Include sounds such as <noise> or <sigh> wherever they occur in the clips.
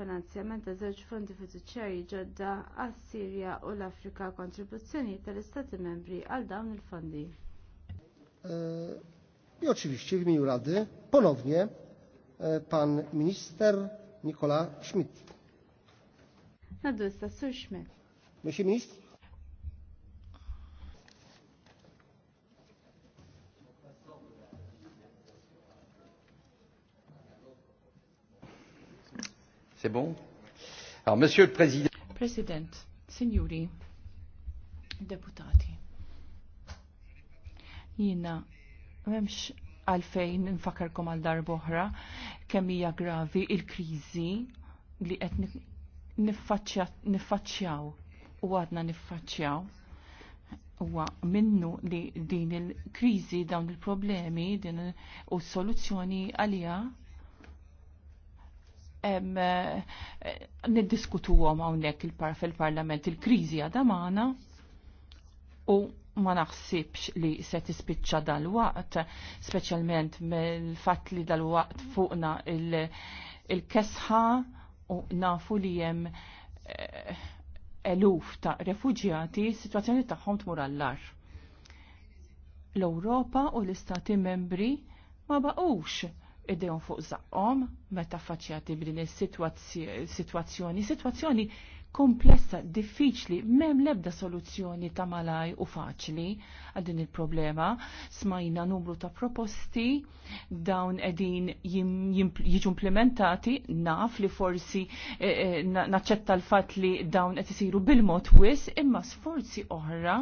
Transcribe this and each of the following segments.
finanzjament ta' żewġ fondi fiduċjarji ġodda għas-Sirja u l-Afrika kontribuzzjoni tal-Istati membri għal dawn il-fondi. Eh, I oczywiście w imieniu Rady ponownie eh, pan minister Nikola Schmidt. Naddu sta sur Schmidt. Monsieur minister? C'est bon Alors, Monsieur le Président. President, Signori, Deputati, jina, memx għalfejn nfakarkom għal darboħra kemm hija gravi il-kriżi li qed niffaċċjaw u għadna niffaċċjaw huwa minnu li din il-kriżi dawn il-problemi din u s-soluzzjoni għalija Eh, niddiskutu għom għawnek il parlament il-krizi għadamana u ma naħsibx li se tispiċċa dal-waqt, specialment mill-fat li dal-waqt fuqna il-kesħa u nafu li jem eh, eluf ta' refugjati, situazzjoni tagħhom tmur murallar. L-Europa u l-Istati membri ma baqux id-dejon fuq zaqqom, meta faċċjati b'din is-sitwazzjoni, sitwazzjoni komplessa, diffiċli, m'hemm l-ebda soluzzjoni ta' malaj u faċli għal din il-problema. Smajna numru ta' proposti dawn qegħdin jiġu implementati, naf li forsi eh, eh, naċċetta l-fatt li dawn qed isiru bil-mod wis, imma sforzi oħra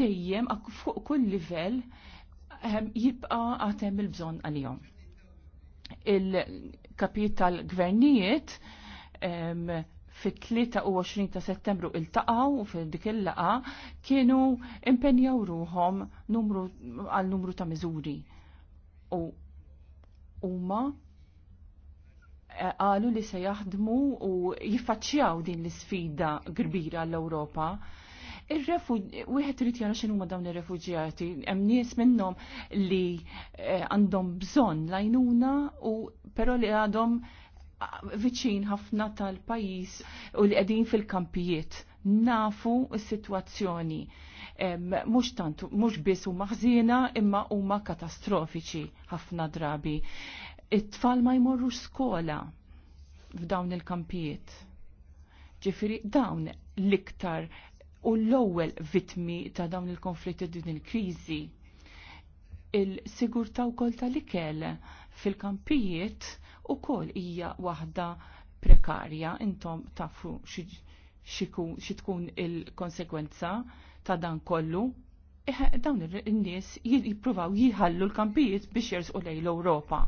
dejjem fuq kull livell ehm, jibqa' għatem il-bżonn għalihom il-kapijiet tal-gvernijiet fit-23 ta' settembru il-taqaw u fil-dik il-laqa kienu impenjaw ruħom għal numru ta' miżuri. U huma e, qalu li se jaħdmu u jiffaċċjaw din l-sfida kbira l-Ewropa wieħed irid jara x'inhu dawn ir-refuġjati, hemm nies minnhom li eh, għandhom bżonn lajnuna u però li għadhom viċin ħafna tal-pajjiż u li qegħdin fil-kampijiet nafu s-sitwazzjoni. Mhux tant, mhux biss huma maħzina, imma huma katastrofiċi ħafna drabi. It-tfal ma jmorrux skola f'dawn il-kampijiet. Ġifiri dawn l-iktar u l-ewwel vittmi ta' dawn il-konflitti din il-kriżi. Il-sigurta wkoll tal-ikel fil-kampijiet ukoll hija waħda prekarja intom tafu xi tkun il-konsekwenza ta' dan kollu. Dawn in-nies jippruvaw jħallu l-kampijiet biex jersqu lejn l-Ewropa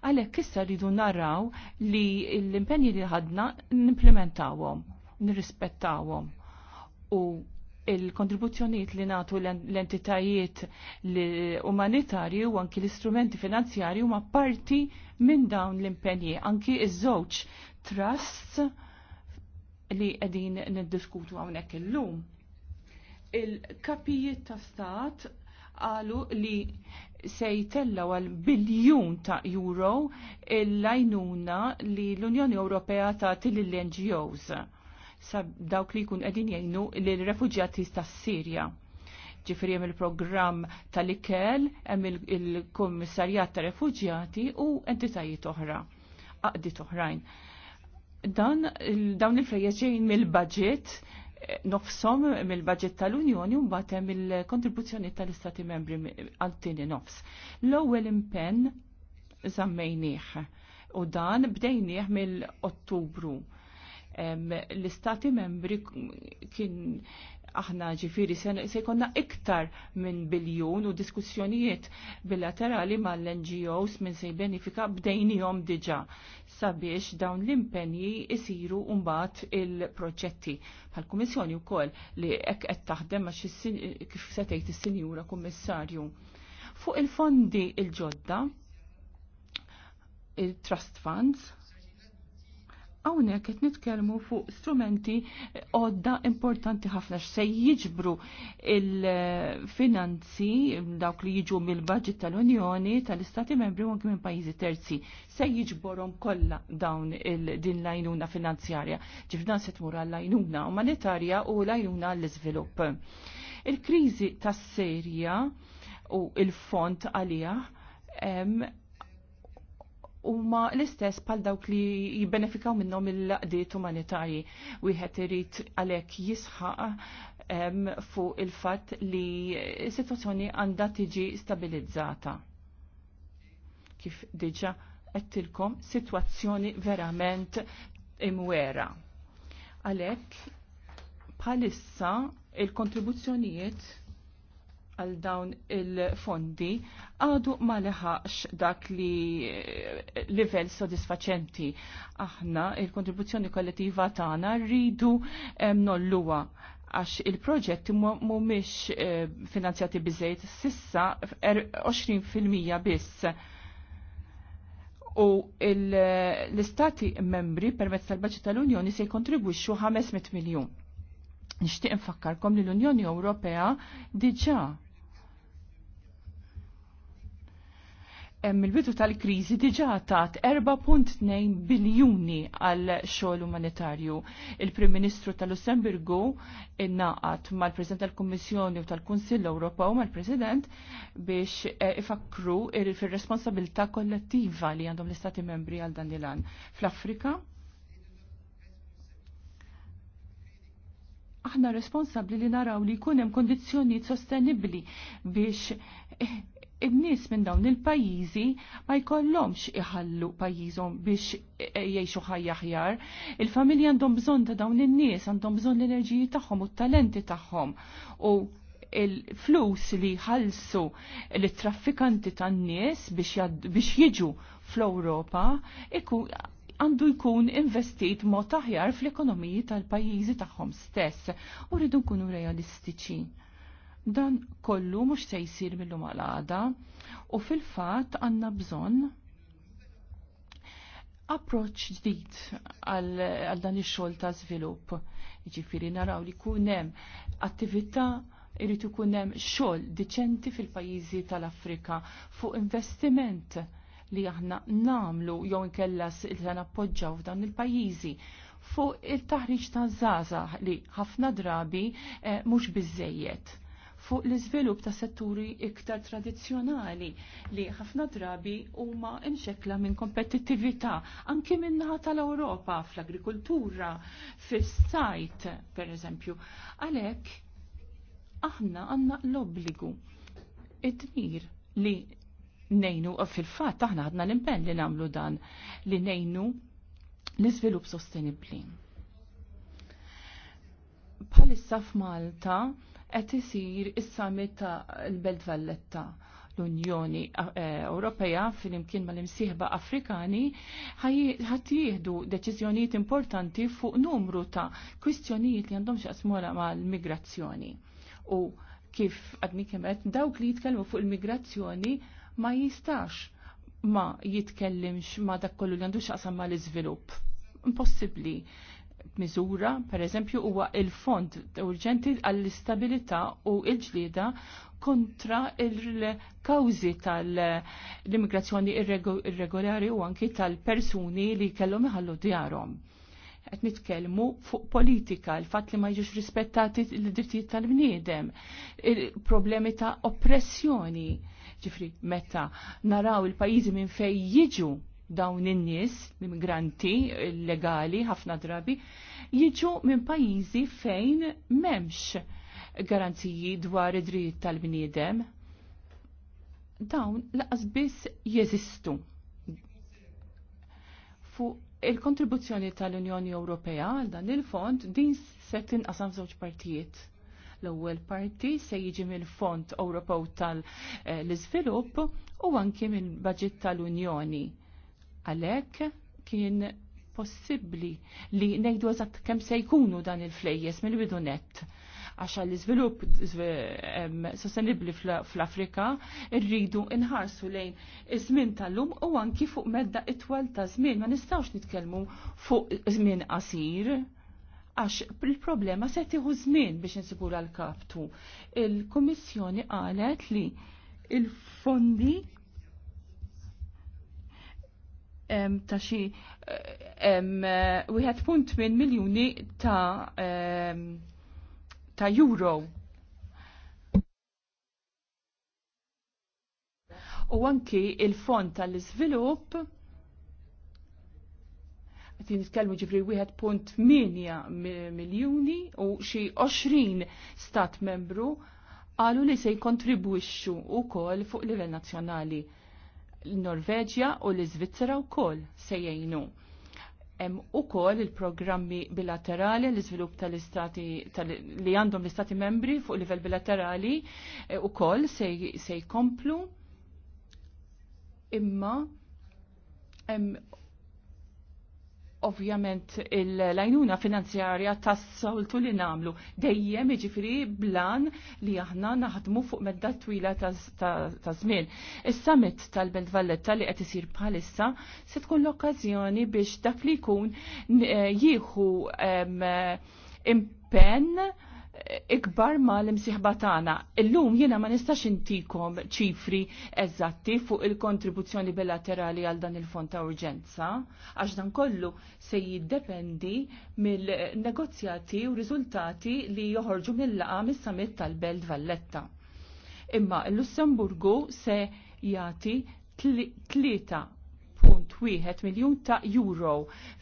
Għalhekk issa rridu narraw li l-impenji li ħadna nimplementawhom, nirrispettawhom u il-kontribuzzjonijiet li natu l-entitajiet umanitarji u anki l-istrumenti finanzjarji huma parti minn dawn l-impenji. Anki iż-żewġ trusts li qegħdin niddiskutu hawnhekk illum. Il-kapijiet ta' stat qalu li se jitella għal biljun ta' euro l-lajnuna li l-Unjoni Ewropea ta' til-NGOs Sa dawk li jkun qegħdin jgħinu l-refuġjati tas-Sirja. Ġifieri hemm il-programm tal-ikel, hemm il-kummissarjat ta' refuġjati u entitajiet oħra, aqdiet oħrajn. Dan dawn il-flejjeż ġejjin mill-budget nofsom mill-budget tal-Unjoni u mbagħad hemm il-kontribuzzjoni tal-Istati Membri għal-tieni nofs. L-ewwel impenn żammejnieh u dan bdejnieh mill-Ottubru l-istati membri kien aħna ġifiri se jkonna iktar minn biljun u diskussjonijiet bilaterali mal-NGOs minn se jbenifika bdejnijom diġa sabiex dawn l-impenji isiru umbat il-proġetti. Pal kummissjoni u koll li ek qed taħdem għax kif setejt is-Sinjura Kummissarju. Fuq il-fondi il-ġodda, il-Trust Funds, Hawnhekk qed nitkellmu fuq strumenti eh, għodda importanti ħafna se jiġbru il-finanzi dawk li jiġu mill-budget tal-Unjoni tal-Istati Membri u minn pajjiżi terzi se jiġborhom kollha dawn din l finanzjarja. Ġifna se tmur għall-għajnuna umanitarja u l-għajnuna għall-iżvilupp. Il-kriżi tas-Serja u il-font għalija huma l-istess pal dawk li jibbenefikaw minnhom il-laqdiet umanitarji. Wieħed irid għalhekk jisħaq fuq il-fatt li s-sitwazzjoni għandha tiġi stabilizzata. Kif diġa għettilkom sitwazzjoni verament imwera. Għalhekk bħalissa il-kontribuzzjonijiet għal dawn il-fondi għadu ma leħax dak li eh, livell sodisfaċenti. Aħna il-kontribuzzjoni kollettiva tagħna rridu eh, nolluwa għax il-proġett mumiex eh, finanzjati bizzejt sissa 20% er, biss. U l-istati membri permezz tal-Baġit tal-Unjoni se jkontribwixxu 500 miljun. Nixtieq infakkarkom li l-Unjoni Ewropea diġà hemm il-bidu tal-kriżi diġà tat 4.2 biljuni għal xogħol umanitarju. Il-Prim Ministru tal-Lussemburgu innaqat mal-President tal-Kummissjoni u tal-Kunsill Ewropew mal-President biex eh, ifakru fir-responsabilità kollettiva li għandhom l-Istati membri għal dan il-an. Fl-Afrika, aħna responsabli li naraw li jkun hemm sostenibli sostenibbli biex eh, in-nies minn dawn il-pajjiżi ma jkollhomx iħallu pajjiżhom biex e, jgħixu ħajja ħjar. Il-familja għandhom bżonn ta' dawn in-nies, għandhom bżonn l-enerġiji tagħhom u t-talenti tagħhom. U il-flus li ħalsu l-traffikanti tan-nies biex jiġu fl-Ewropa għandu jkun investit mod aħjar fl-ekonomiji tal-pajjiżi tagħhom stess u rridu nkunu realistiċi Dan kollu mhux se jsir mill-lum għada u fil-fatt għandna bżonn approċ ġdid għal dan ix-xogħol ta' żvilupp. Jiġifieri naraw li jkun hemm attività irid ikun hemm xogħol diċenti fil-pajjiżi tal-Afrika fuq investiment li aħna namlu jew inkella se nappoġġaw f'dan il-pajjiżi fuq il-taħriġ ta' żgħażagħ li ħafna drabi eh, mhux biżejjed fuq l-iżvilupp ta' setturi iktar tradizzjonali li ħafna drabi huma imxekla minn kompetittività anki minnaħa tal-Ewropa fl-agrikultura, fis-sajt pereżempju. Għalhekk aħna għandna l-obbligu id-dmir li nejnu fil-fatt aħna għadna l-impenn li nagħmlu dan li nejnu l-iżvilupp sostenibbli. Bħalissa f'Malta qed isir is-summit ta' l-Belt Valletta l-Unjoni eh, Ewropea fil-imkien mal-imsieħba Afrikani ħat jieħdu deċiżjonijiet importanti fuq numru ta' kwistjonijiet li għandhom ma' mal-migrazzjoni. U kif għadni kemet, dawk li jitkellmu fuq il-migrazzjoni ma jistax ma jitkellimx ma dak kollu li għandu xaqsam ma l izvilup Impossibli miżura, per eżempju, huwa il-fond urġenti għall-istabilità u l-ġlieda kontra il-kawzi tal-immigrazzjoni irregolari u anki tal-persuni li kellhom iħallu djarhom. Qed nitkellmu fuq politika, l-fatt li ma jiġux rispettati l-drittijiet tal-bniedem, il-problemi ta' oppressjoni. Ġifri, meta naraw il-pajjiżi minn fejn jiġu dawn in-nies, l-immigranti legali ħafna drabi, jiġu minn pajjiżi fejn m'hemmx garanziji dwar id-dritt tal-bniedem. Dawn laqas biss jeżistu. Fu il-kontribuzzjoni tal-Unjoni Ewropea għal dan il-fond din se tinqasam żewġ partijiet l-ewwel parti se jiġi mill-Fond Ewropew tal-Iżvilupp u anke mill-Baġit tal-Unjoni Għalhekk kien possibbli li ngħidu eżatt kemm se jkunu dan il-flejjes mill-bidu net. għaxa l-izvilup sostenibli fl-Afrika irridu inħarsu lejn iż-żmien tal-lum u anki fuq medda itwal ta' żmien ma nistgħux nitkellmu fuq żmien qasir għax il-problema se tieħu żmien biex insigura l-kaptu. Il-Kummissjoni qalet li il-fondi ta' xi eh, wieħed punt minn miljuni ta' ta' euro. U anki il-fond tal-iżvilupp qed nitkellmu ġifri 1.8 miljuni u xi 20 stat membru qalu li se jkontribwixxu wkoll fuq livell nazzjonali l-Norveġja u l-Iżvizzera wkoll se jgħinu. u kol il-programmi bilaterali l-iżvilupp tal-istati tal li għandhom l-istati membri fuq livell bilaterali eh, ukoll se jkomplu imma ovvjament l-lajnuna finanzjarja tas-soltu li namlu dejjem iġifiri blan li aħna naħdmu fuq medda twila ta' żmien. Is-summit tal-Belt Valletta li qed isir bħalissa se tkun l-okkażjoni biex dak li jkun eh, jieħu impenn ikbar ma l-imsiħba tagħna. Illum jiena ma nistax intikom ċifri eżatti fuq il-kontribuzzjoni bilaterali għal dan il-fond ta' urġenza, għax dan kollu se jiddependi mill-negozjati u riżultati li joħorġu mill-laqa mis-summit tal-Belt Valletta. Imma l-Lussemburgu se jati 3.1 miljun ta' euro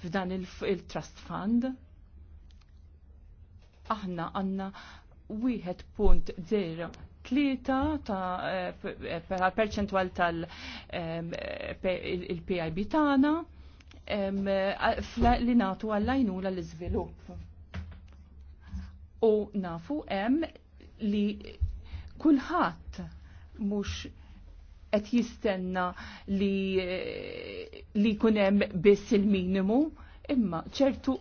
f'dan il-Trust Fund aħna għanna 1.0 tlieta ta' eh, perċentwal tal-PIB tagħna li nagħtu għal għajnuna l-iżvilupp. U nafu hemm li kulħadd mhux qed jistenna li eh, li jkun hemm biss il-minimu, imma ċertu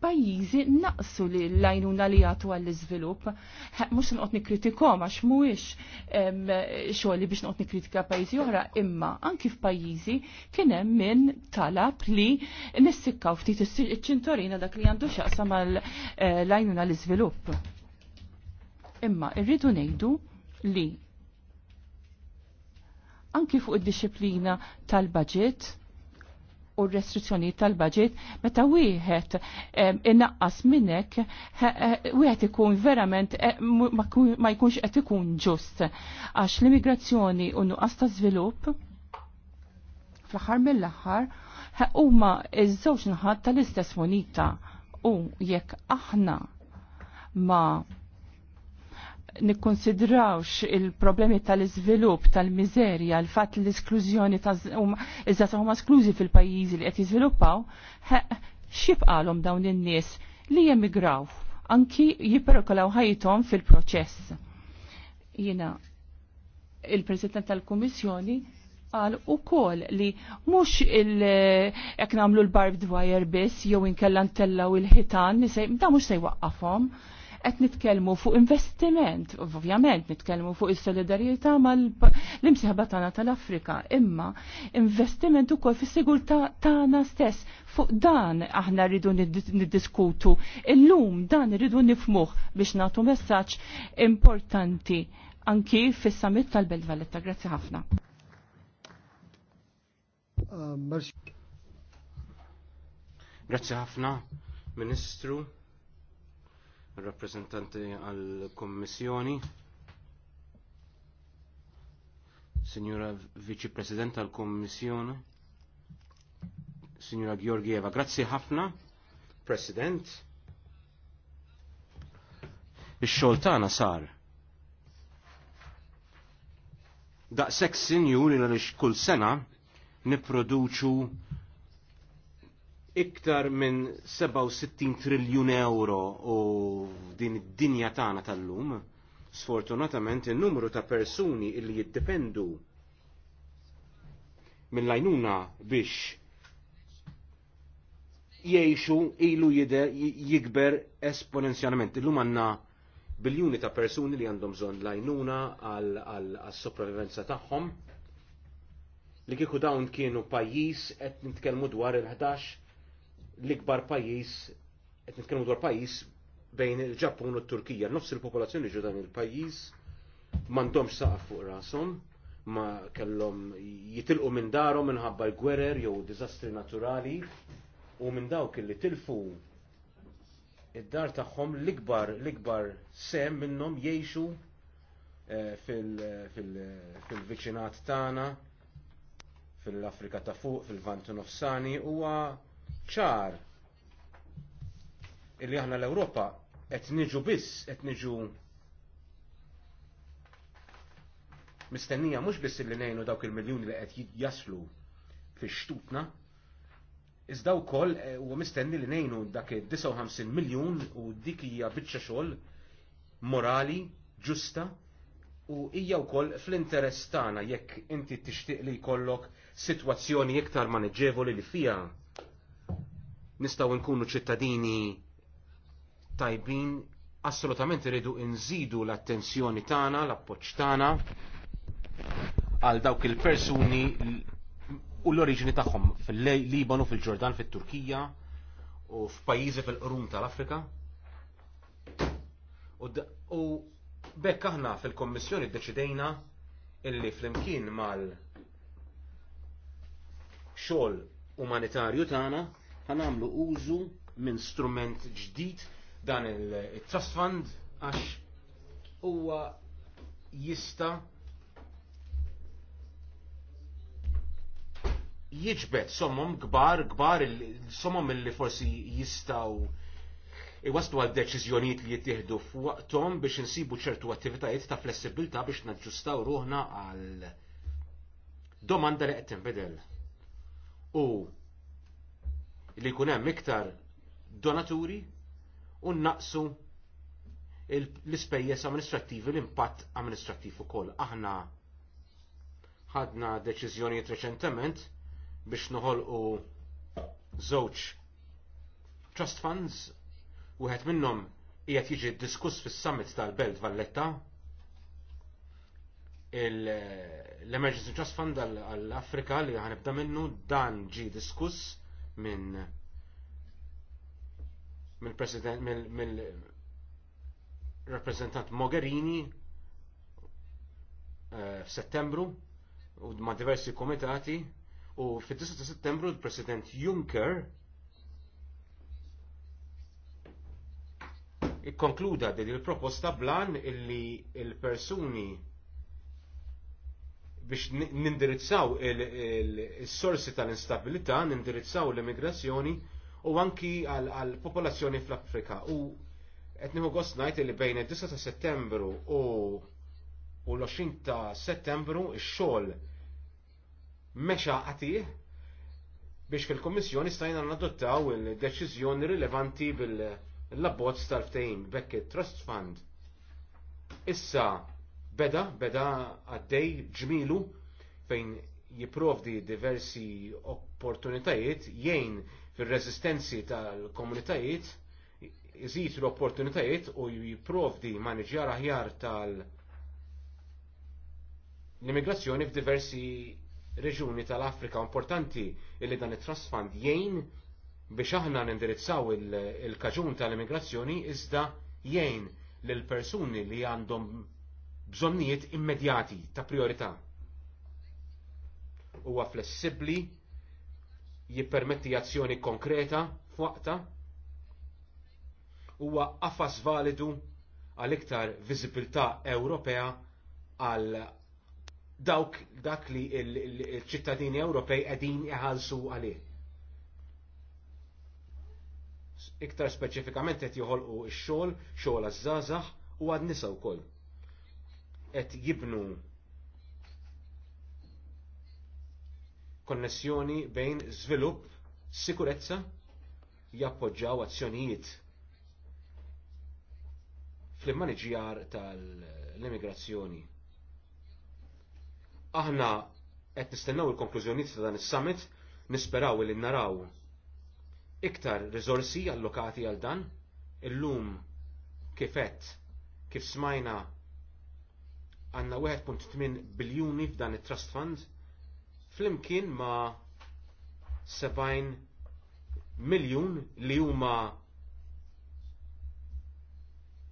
pajjiżi naqsu li l-lajnuna li jagħtu għall-iżvilupp. Mhux noqgħod nikkritikom għax mhuwiex xogħol biex noqgħod nikkritika pajjiżi oħra, imma anki f'pajjiżi kien hemm min talab li nissikkaw ftit iċ-ċintorina dak li għandu x'aqsa mal-lajnuna eh, l-iżvilupp. Imma irridu ngħidu li anki fuq id-disciplina tal-budget u restrizzjoni tal-budget, meta wieħed innaqqas minnek, wieħed ikun verament eh, ma jkunx qed ikun ġust. Għax l-immigrazzjoni u nuqqas ta' żvilupp fl-aħħar mill-aħħar huma ż-żewġ naħat tal-istess moneta u jekk aħna ma' nikkonsidrawx il-problemi tal-iżvilupp, tal-miżerja, l-fatt l-isklużjoni ta' iżda huma sklużi fil-pajjiżi li qed jiżviluppaw, xibqalhom dawn in-nies li jemigraw, anki jipperikolaw ħajithom fil-proċess. Jiena il-President tal-Kummissjoni qal ukoll li mhux il-ek nagħmlu l-barbed wire biss jew inkella ntellaw il-ħitan, da mhux se jwaqqafhom qed nitkellmu fuq investiment, ovvjament nitkellmu fuq is-solidarjetà mal-imsieħba tagħna tal-Afrika, imma investiment ukoll fis-sigurtà tagħna stess. Fuq dan aħna rridu niddiskutu. Illum dan rridu nifmuh biex nagħtu messaġġ importanti anki fis-summit tal-Belt Valletta. Grazzi ħafna. Uh, Grazzi ħafna, Ministru rappresentanti għal-Kommissjoni, Signora Viċi President għal-Kommissjoni, Signora Georgieva, grazzi ħafna, President. Ix-xogħol tagħna sar. Daqshekk l għalix kull sena nipproduċu iktar minn 67 triljun euro u din id-dinja tagħna tal-lum, sfortunatament in-numru ta' persuni li jiddependu mill-lajnuna biex jiexu ilu jikber esponenzjalment. Illum għanna biljuni ta' persuni li għandhom bżonn lajnuna għal-sopravivenza tagħhom li kieku dawn kienu pajjiż qed nitkellmu dwar il-11 l-ikbar pajjiż qed nitkellmu dwar pajjiż bejn il-Ġappun u t-Turkija. Nofs il-popolazzjoni ġo dan il-pajjiż m'għandhomx saqaf fuq rashom, ma kellhom jitilqu minn darhom minħabba l-gwerer jew diżastri naturali u minn dawk li tilfu id-dar tagħhom l-ikbar l-ikbar sem minnhom jgħixu eh, fil-viċinat tagħna fil-Afrika ta' fuq, fil of Sani huwa ċar illi aħna l-Ewropa qed niġu biss qed niġu mistennija mhux biss illi ngħinu dawk il-miljuni li qed jaslu fi xtutna iżda wkoll eh, huwa mistenni li ngħinu dak 59 miljun u dik hija biċċa xogħol morali, ġusta u hija wkoll fl-interess tagħna jekk inti tixtieq li jkollok sitwazzjoni iktar maneġevoli li fija nistgħu nkunu ċittadini tajbin, assolutament irridu nżidu l-attenzjoni tagħna, l-appoġġ tagħna għal dawk il-persuni u l-oriġini tagħhom fil-Libanu, fil-Ġordan, fit-Turkija u f'pajjiżi fil-qrum tal-Afrika. U bekk aħna fil-Kommissjoni ddeċidejna illi flimkien mal xogħol umanitarju tagħna ħanamlu użu minn strument ġdid dan il-trust fund għax huwa jista jiġbet somom kbar kbar somom illi forsi jistaw iwaslu għal deċiżjonijiet li jittieħdu f'waqtom biex insibu ċertu attivitajiet ta' flessibilta biex naġġustaw ruħna għal domanda li qed tinbidel. U li jkun hemm iktar donaturi u naqsu l-ispejjeż amministrattiv, l-impatt amministrattiv ukoll. Aħna ħadna deċiżjonijiet reċentement biex noħolqu żewġ trust funds wieħed minnhom qiegħed jiġi diskuss fis-summit tal-Belt Valletta l-Emergency Trust Fund għall-Afrika li għanibda minnu dan ġi diskuss minn mill-president mill-rappresentant Mogherini eh, f'Settembru u ma' diversi komitati u fid 10 ta' Settembru il-President Juncker ikkonkluda din il-proposta blan illi il-persuni il persuni biex nindirizzaw il-sorsi tal-instabilità, nindirizzaw l-immigrazzjoni u anki għal-popolazzjoni fl-Afrika. U etniħu għost najt li bejn il-9 ta' settembru u l-20 ta' settembru il-xol meċa għatiħ biex fil-Komissjoni stajna nadottaw il-deċizjoni rilevanti bil-labbozz tal-ftejn, bekk il-Trust Fund. Issa, Beda, beda għaddej ġmilu fejn jiprovdi diversi opportunitajiet jgħin fil-rezistenzi tal-komunitajiet jżid l-opportunitajiet u jiprovdi maniġjar aħjar tal- l-immigrazzjoni f'diversi reġuni tal-Afrika importanti illi dan it trasfand jgħin biex aħna nindirizzaw il-kaġun tal-immigrazzjoni iżda jgħin lil persuni li għandhom bżonnijiet immedjati ta' priorità. Huwa flessibbli, jippermetti azzjoni konkreta f'waqta, huwa qafas validu għal iktar viżibilità Ewropea għal dawk dak li l-ċittadini Ewropej qegħdin iħallsu għalih iktar speċifikament qed joħolqu x-xogħol, xogħol għaż-żgħażagħ u għad-nisa wkoll qed jibnu konnessjoni bejn żvilupp, sikurezza, jappoġġaw azzjonijiet fl-immaniġjar tal-immigrazzjoni. Aħna qed nistennew il-konklużjonijiet ta' dan is-summit, nisperaw li naraw iktar rizorsi allokati għal dan, illum kifet kif smajna għanna 1.8 biljuni f'dan it-trust fund flimkien ma 70 miljun li huma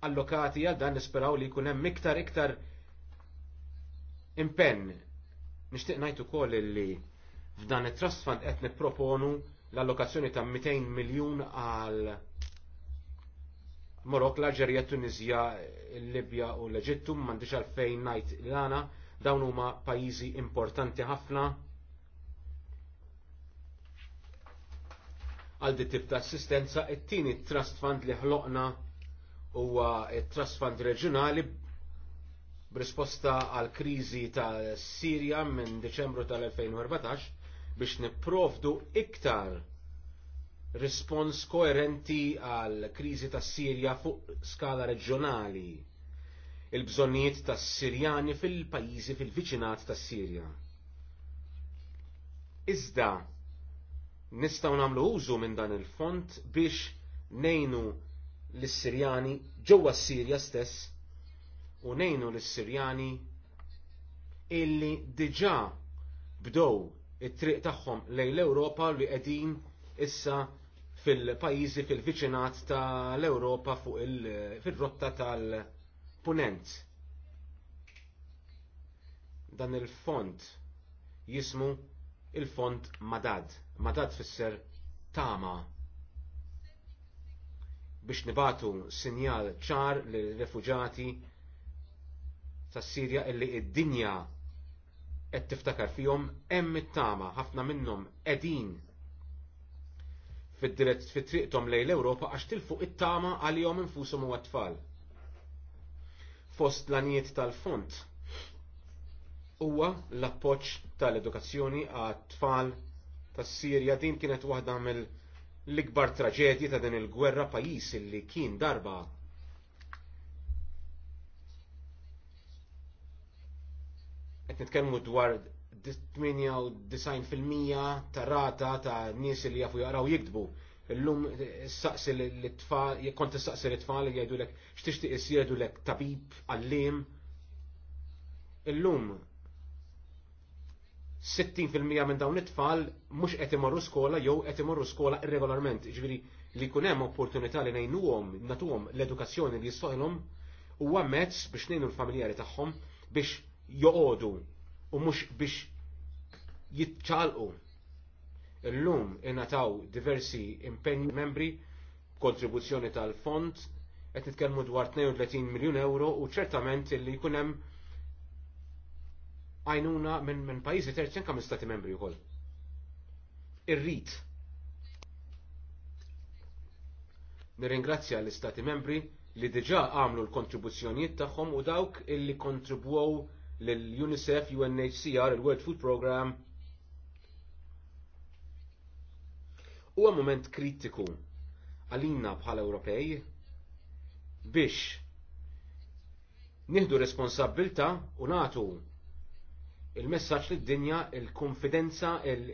allokati għal dan nisperaw li jkun hemm iktar iktar impenn. Nixtieq ngħid ukoll li f'dan it-trust fund qed nipproponu l-allokazzjoni ta' 200 miljun għal Morok, l-Alġerija, Tunizja, Libja u l-Eġittu, m'għandix għalfejn ngħid l-għana, dawn huma pajjiżi importanti ħafna għal di tip ta' assistenza. It-tieni trust fund li ħloqna huwa trust fund reġjonali b'risposta għal kriżi ta' Sirja minn Deċembru tal-2014 biex nipprovdu iktar rispons koerenti għal kriżi tas Sirja fuq skala reġjonali il-bżonnijiet tas Sirjani fil-pajjiżi fil-viċinat tas Sirja. Iżda nistgħu nagħmlu użu minn dan il-font biex nejnu l-Sirjani ġewwa s-Sirja stess u nejnu l-Sirjani illi diġà bdow it-triq tagħhom lejn l-Ewropa li qegħdin issa fil-pajizi fil-viċinat tal-Europa fuq il-rotta tal-Punent. Dan il-font jismu il-font Madad. Madad fisser tama biex nibatu sinjal ċar l-refuġati tas Sirja illi id-dinja qed tiftakar fihom hemm it-tama ħafna minnhom qegħdin fit-triqtom lejn l-Ewropa għax tilfuq it-tama għal-jom infushom u tfal Fost l-anijiet tal-font huwa l-appoġġ tal-edukazzjoni għat-tfal tas-Sirja din kienet waħda mill- l-ikbar traġedji ta' din il-gwerra pajis li kien darba qed nitkellmu dwar 98% ta' rata ta' nies li jafu jaraw jiktbu. Illum saqsi l-tfal, kont saqsi l-tfal li jgħidu lek x'tixtieq isir jgħidu l-ek tabib, għallim. Illum 60% minn dawn it-tfal mhux qed imorru skola jew qed imorru skola irregolarment. Ġifieri li jkun hemm opportunità li ngħinuhom, nagħtuhom l-edukazzjoni li jistoqilhom huwa mezz biex ngħinu l-familjari tagħhom biex joqogħdu u mhux biex jitċalqu. Illum ingħataw diversi impegni membri kontribuzzjoni tal-fond qed nitkellmu dwar 32 miljun euro u ċertament li jkun hemm għajnuna minn min pajjiżi terzi anke minn stati membri wkoll. Irrid. Nirringrazzja l-istati membri li diġà għamlu l-kontribuzzjonijiet tagħhom u dawk illi kontribwew lill UNICEF, UNHCR, il-World Food Programme huwa moment kritiku għalina bħala Ewropej biex nieħdu responsabilta u natu il-messaġġ lid-dinja il-konfidenza il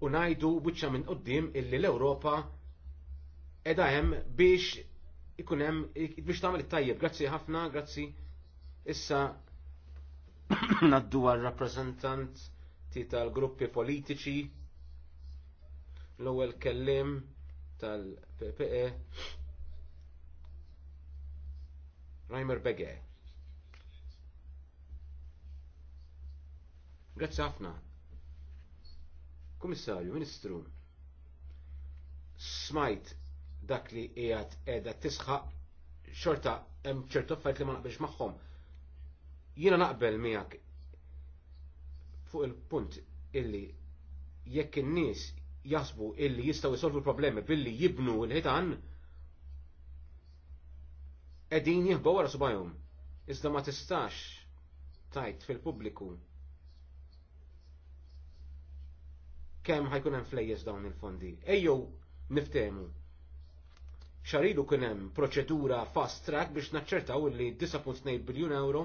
u najdu buċċa minn qoddim illi l-Ewropa edha hemm biex ikun hemm biex tagħmel it-tajjeb. Grazzi ħafna, grazzi issa <clears throat> naddu għal rappreżentanti tal-gruppi politiċi l-ewwel kellim tal-PPE Reimer Bege. Grazzi ħafna. Kummissarju, Ministru, smajt dak li qiegħed qiegħda tisħaq xorta hemm ċertu affarijiet li ma naqbilx magħhom. Jiena naqbel miegħek fuq il-punt illi jekk in-nies jasbu illi jistaw jisolvu problemi billi jibnu l-ħitan edin jihbaw għara subajum. Iżda ma tistax tajt fil-pubbliku kemm ħajkun hemm flejjes dawn il-fondi. Ejjew niftehmu. Xaridu kien hemm proċedura fast track biex naċċertaw li 9.2 biljun euro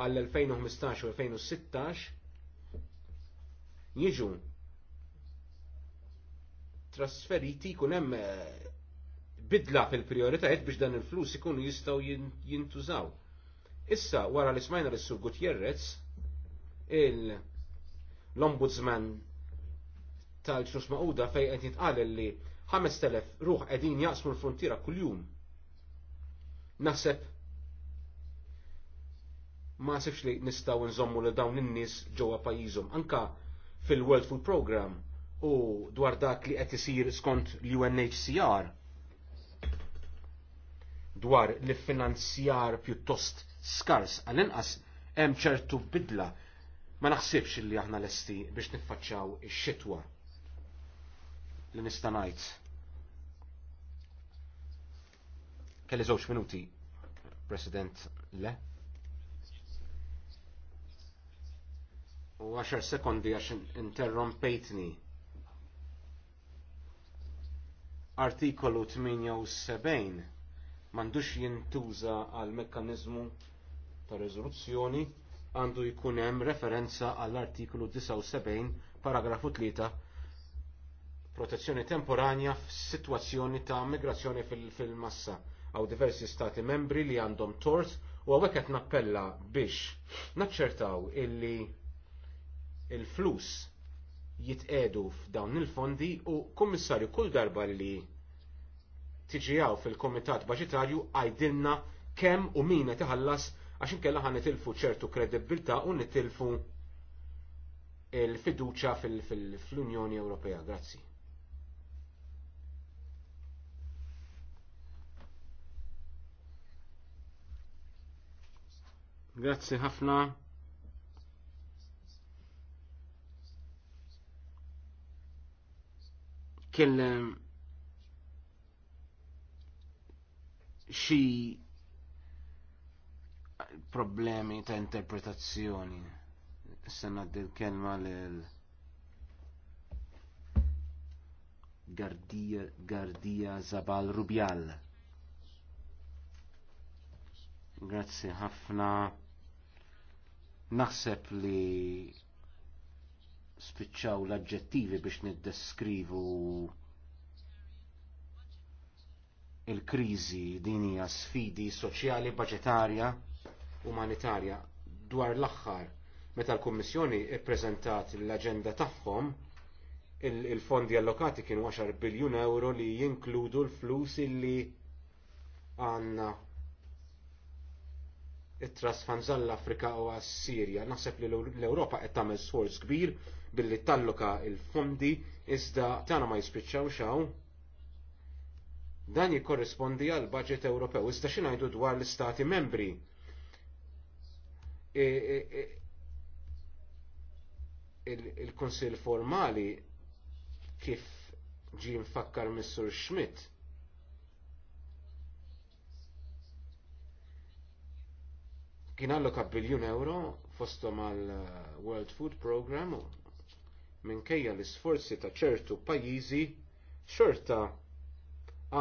għall 2015 u 2016 jiġu trasferiti jkun hemm eh, bidla fil-prioritajiet biex dan il-flus ikunu jistgħu jintużaw. Issa wara li smajna lis sur Gutierrez l-ombudsman tal-ġnus maquda fejn qed jitqal li 5000 ruħ qegħdin jaqsmu l kull kuljum. Naħseb ma sifx li nistgħu nżommu l dawn in-nies ġewwa pajjiżhom anka fil-World Food Programme u dwar dak li qed isir skont l-UNHCR dwar li finanzjar pjuttost skars għal-inqas hemm ċertu bidla ma naħsibx li aħna lesti biex nifaċċaw ix-xitwa li nista' ngħid. Kelli żewġ minuti, President Le. U 10 sekondi għax interrompejtni artikolu 78 mandux jintuża għal mekkanizmu ta' rezoluzzjoni għandu jkun hemm referenza għall artiklu 79 paragrafu 3 protezzjoni temporanja f'sitwazzjoni ta' migrazzjoni fil-massa fil għaw diversi stati membri li għandhom tort u għawek qed nappella biex naċċertaw illi il-flus jitqedu f'dawn il-fondi u kummissarju kull darba li tiġijaw fil-komitat baġitarju għajdilna kemm u min qed iħallas għax inkella ħan nitilfu ċertu kredibilità u nitilfu il-fiduċa fil-Unjoni Ewropea. Grazzi. Grazzi ħafna. kien eh, xi problemi ta' interpretazzjoni. Sena d kelma l Gardija, Gardija Zabal Rubjal. Grazzi ħafna. Naħseb li spiċċaw l-adġettivi biex niddeskrivu il-kriżi din hija sfidi soċjali, budgetarja, umanitarja dwar l-aħħar meta l-Kummissjoni ppreżentat l-aġenda tagħhom il-fondi allokati kienu 10 biljun euro li jinkludu l-flus illi għanna it trasfanzal l-Afrika u għas-Sirja. Naħseb li l ewropa qed tagħmel sforz kbir billi talluka il-fondi iżda tagħna ma jispiċċaw xaw. Dan jikkorrispondi għal budget Ewropew iżda xi ngħidu dwar l-istati membri. E, e, e, Il-Kunsill il formali kif ġie mfakkar Missur Schmidt kien alloka biljun euro fostom għal uh, World Food Program minkejja l-isforzi ta' ċertu pajjiżi xorta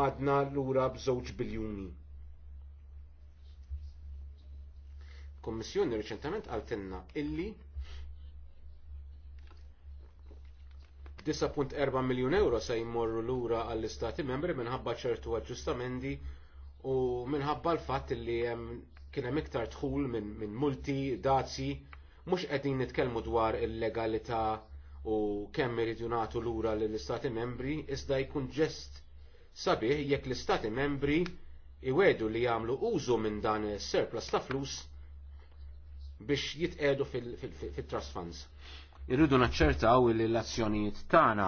għadna lura b'żewġ biljuni. Kommissjoni riċentement għaltenna illi 9.4 miljun euro se jmorru lura għall-istati membri minħabba ċertu aġġustamenti u minħabba l-fatt li kien hemm iktar tħul minn multi, dazi, mhux qegħdin nitkellmu dwar il-legalità u kemm irridu nagħtu lura lill istati membri iżda jkun ġest sabiħ jekk l-istati membri iwedu li jagħmlu użu minn dan is-surplus ta' flus biex jitqedu fil-trust funds. Irridu naċċertaw li l-azzjonijiet tagħna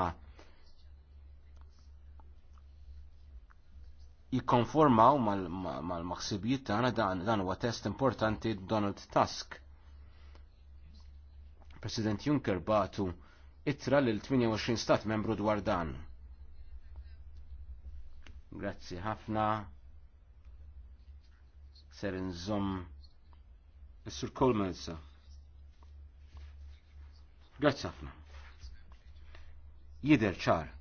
jikkonformaw mal-maħsibijiet tagħna dan huwa test importanti Donald Tusk. President Juncker batu ittra lil 28 stat membru dwar dan. Grazzi ħafna. Ser nżomm is-Sur Coleman issa. Grazzi ħafna. Jider ċar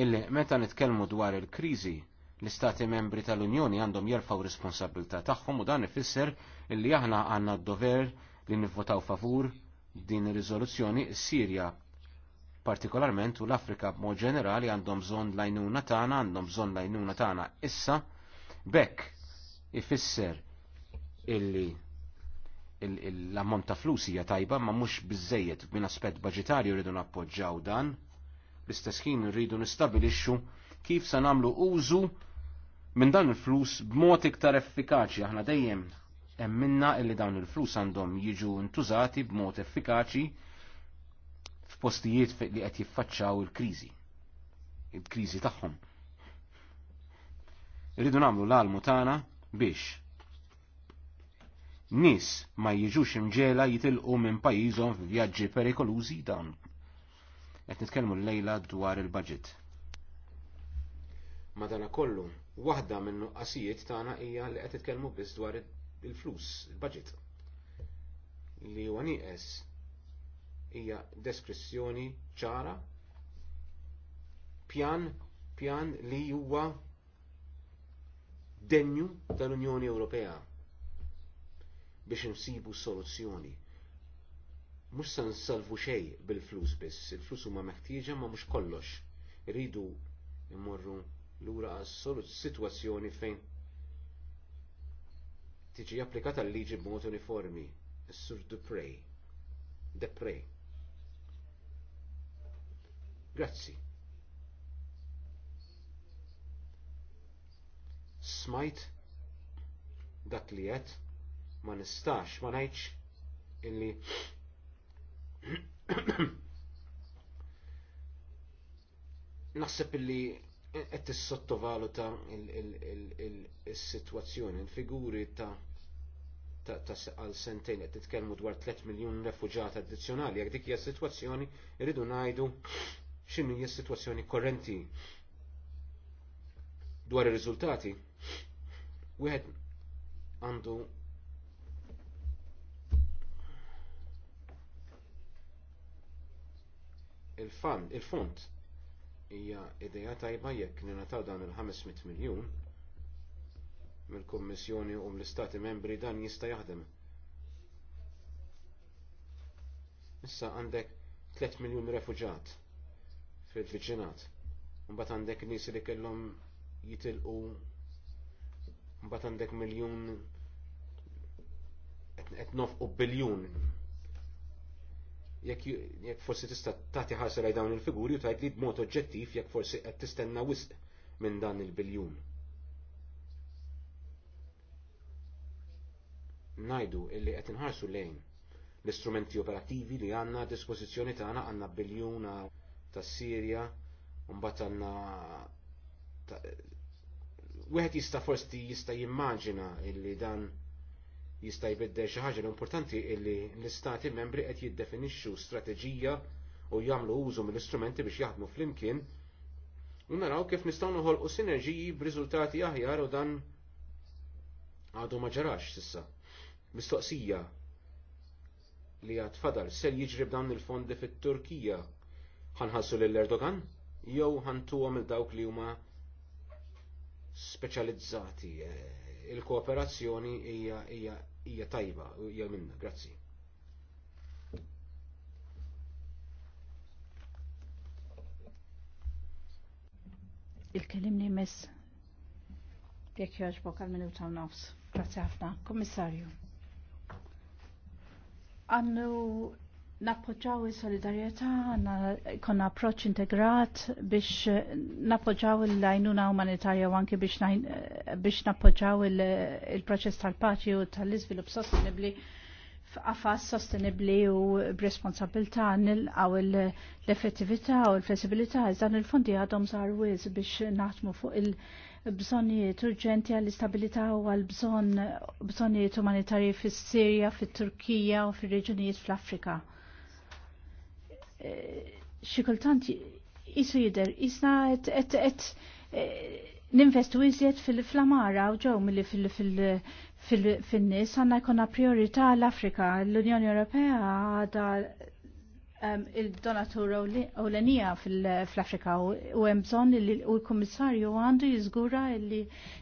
illi meta nitkellmu dwar il-kriżi l-istati membri tal-Unjoni għandhom jerfaw responsabilità tagħhom u dan ifisser illi aħna għandna d-dover li nivvotaw favur din ir-riżoluzzjoni Sirja partikolarment u l-Afrika b'mod ġenerali għandhom bżonn lajnuna tagħna, għandhom bżonn lajnuna tagħna issa bekk ifisser illi l-ammont ta' flus hija tajba ma mhux biżejjed minn aspett baġitarju rridu nappoġġjaw dan, l-istess ħin rridu nistabilixxu kif se nagħmlu użu minn dan il-flus b'mod iktar effikaċi aħna dejjem emminna illi dawn il-flus għandhom jiġu ntużati b'mod effikaċi f'postijiet li qed jiffaċċaw il-kriżi. Il-kriżi tagħhom. Irridu nagħmlu l-almu tagħna biex nis ma jiġux imġela jitilqu minn pajjiżhom f'vjaġġi perikolużi dawn. Qed nitkellmu l-lejla dwar il-budget. Madana kollu, waħda minn nuqqasijiet tagħna hija li qed titkellmu biss dwar il-flus, il-budget li huwa nieqes hija deskrizzjoni ċara pjan pjan li huwa denju tal-Unjoni Ewropea biex insibu soluzzjoni. Mhux se salvu xejn bil-flus biss, il-flus huma meħtieġa ma mhux kollox. Irridu imorru lura għas-sitwazzjoni fejn tiġi applikata l-liġi b'mod uniformi. Sur Duprej. Deprej. Grazzi. Smajt dak li qed ma nistax ma ngħidx illi <clears throat> naħseb illi qed tissottovaluta il-sitwazzjoni, il-figuri ta' ta' għal sentejn qed titkellmu dwar 3 miljun refuġat addizzjonali, jekk dik hija sitwazzjoni irridu ngħidu x'inhi hija sitwazzjoni korrenti dwar ir-riżultati. Wieħed għandu il-fond, il-fond hija ideja tajba jekk ningħataw dan il-500 miljun mill-Kummissjoni u mill-Istati membri dan jista' jaħdem. Issa għandek 3 miljun refuġat fil-viċinat. Mbagħad għandek nies li kellhom jitilqu mbagħad għandek miljun qed nofqu biljun jekk forsi tista' tagħti ħarsa lej dawn il-figuri u tgħid li b'mod oġġettiv jekk forsi qed tistenna wisq minn dan il-biljun. Ngħidu illi qed inħarsu lejn l-istrumenti operattivi li għandna a dispożizzjoni tagħna għandna biljuna tas Sirja, mbagħad għandna wieħed jista' forsi jista' jimmaġina illi dan jista' jbiddel xi ħaġa l-importanti illi l-istati membri qed jiddefinixxu strateġija u jagħmlu użu mill-istrumenti biex jaħdmu flimkien u naraw kif nistgħu noħolqu sinerġiji b'riżultati aħjar u dan għadu ma ġarax sissa. Mistoqsija li għad fadal sel jiġri b'dawn il-fondi fit-Turkija ħanħassu lill-Erdogan jew ħantuhom il dawk li huma speċjalizzati. Eh il-kooperazzjoni hija tajba u hija minna. Grazzi. Il-kelimni mess jekk jogħġbok għal minuta u nofs. Grazzi ħafna, Komissarju. Għannu Nappoġġaw il-solidarieta, konna approċ integrat biex eh, nappoġġaw il għajnuna umanitarja u anke biex eh, nappoġġaw il-proċess tal-paċi u tal-izvilup sostenibli f'qafas sostenibli u b'responsabilta nilqaw l-effettività u l-flessibilità. dan il-fondi għadhom sar wiz biex naħdmu fuq il- bżonijiet urġenti għall-istabilità u għall-bżonijiet umanitarji fis-Sirja, fit-Turkija u fir-reġunijiet fl-Afrika xikultant jisu jider, jisna et, et ninvestu iżjed fil-flamara u ġew mill fil-nis għanna jkun priorità l-Afrika. L-Unjoni Ewropea għada Um, il-donatur ewlenija fl-Afrika u hemm bżonn u l-Kummissarju għandu jiżgura li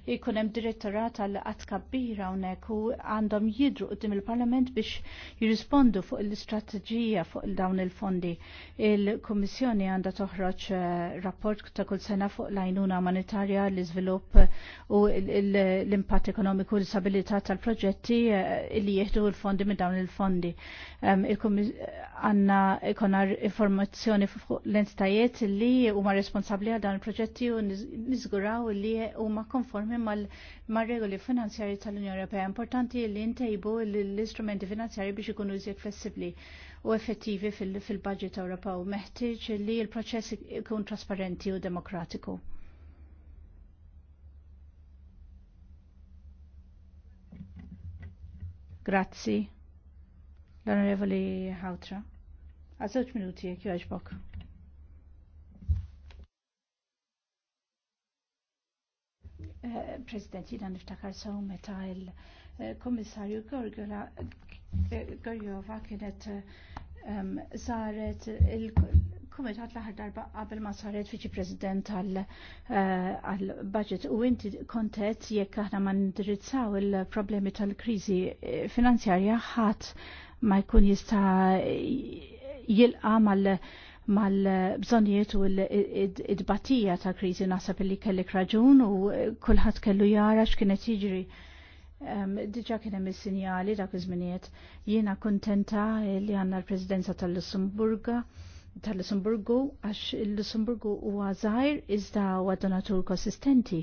jkun hemm direttorat għal qatt kbira hawnhekk u għandhom jidru qudiem il-Parlament biex jirrispondu fuq l-istrateġija fuq dawn il-fondi. Il-Kummissjoni għandha toħroġ eh, rapport ta' kull sena fuq l-għajnuna umanitarja, l-iżvilupp u l-impatt ekonomiku u l-stabilità tal-proġetti eh, li jieħdu l-fondi minn dawn il-fondi. Um, Għandna ikonna informazzjoni fuq l-entitajiet li huma responsabbli għal dan il-proġetti u niżguraw li huma konformi mar-regoli finanzjarji tal-Unjoni Ewropea. Importanti li ntejbu l-istrumenti finanzjarji biex ikunu iżjed flessibbli u effettivi fil-budget Ewropew. Meħtieġ li l-proċess ikun trasparenti u demokratiku. Grazzi. L-Onorevoli Hautra. Għazewċ minuti jek joġbok. Eh, President, jina niftakar sew meta il-Komissarju Gorjova kienet ehm, saret il-Komitat l-aħħar darba qabel ma saret viċi President għal-budget eh, u inti kontet jekk aħna ma ndirizzaw il-problemi tal-kriżi eh, finanzjarja ħadd ma jkun jista' jilqa mal- mal-bżonijiet u l-idbatija ta' krizi nasab li kellek raġun u kullħat kellu jara x'kienet jiġri. Diġa kien hemm is-sinjali dak iż-żminijiet. Jiena kuntenta li għandna l-Presidenza tal-Lussemburga tal-Lussemburgu għax il-Lussemburgu huwa żgħir iżda huwa donatur konsistenti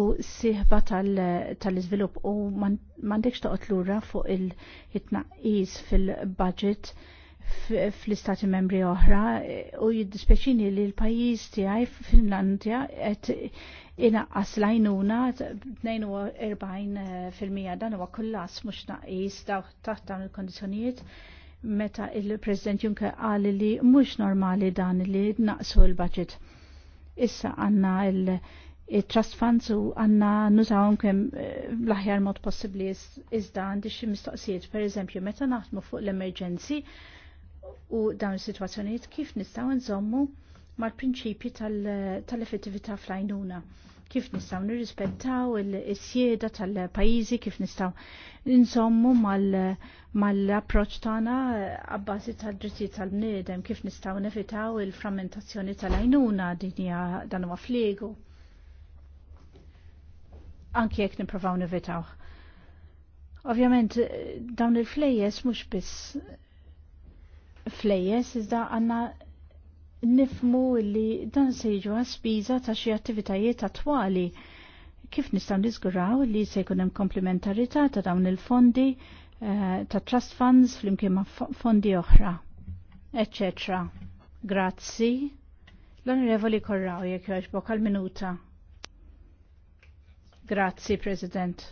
u siħba tal-iżvilupp u m'għandekx toqgħod lura fuq il tnaqqis fil-budget fl-istati membri oħra u jiddispeċini li l-pajis tiegħi Finlandja qed inaqqas lajnuna 42% dan huwa kullas mhux naqis taħt dawn il-kondizzjonijiet meta il-President Juncker qal li mhux normali dan li naqsu l-budget. Issa għandna il- trust funds u għanna nużawhom kem eh, l-aħjar mod possibbli iżda għandi xi mistoqsijiet, per eżempju, meta naħdmu fuq l-emerġenzi, u dawn is-sitwazzjonijiet kif nistgħu nżommu mal-prinċipji tal-effettività tal fl-għajnuna. Kif nistgħu nirrispettaw il-sjeda tal-pajjiżi, kif nistgħu nżommu mal-approċċ mal tagħna eh, abbażi tad-drittijiet tal-bniedem, kif nistgħu nevitaw il-frammentazzjoni tal-għajnuna din hija dan huwa fliegu. Anki jekk nipprovaw nevitaw. Ovvjament eh, dawn il-flejjes mhux biss flejjes iżda għanna nifmu li dan se jiġu għaspiża ta' xi attivitajiet attwali. Kif nistgħu niżguraw li se jkun hemm komplementarità ta' dawn il-fondi eh, ta' trust funds flimkien ma' fondi oħra, etc. Grazzi. L-Onorevoli Korraw, jek jogħġbok għal-minuta. Grazzi, President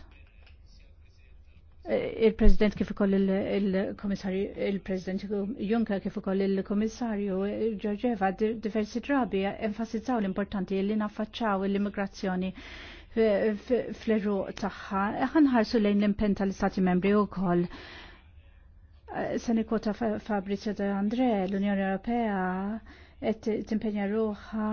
il-President kif ukoll il-Komissarju il-President Juncker kif ukoll il-Komissarju Georgeva diversi drabi enfasizzaw l-importanti li naffaċċaw l-immigrazzjoni fl-eru tagħha. Ħanħarsu lejn l-impenta l-Stati membri wkoll. Se nikwota Fabrizio De Andre, l-Unjoni Ewropea qed timpenja ruħha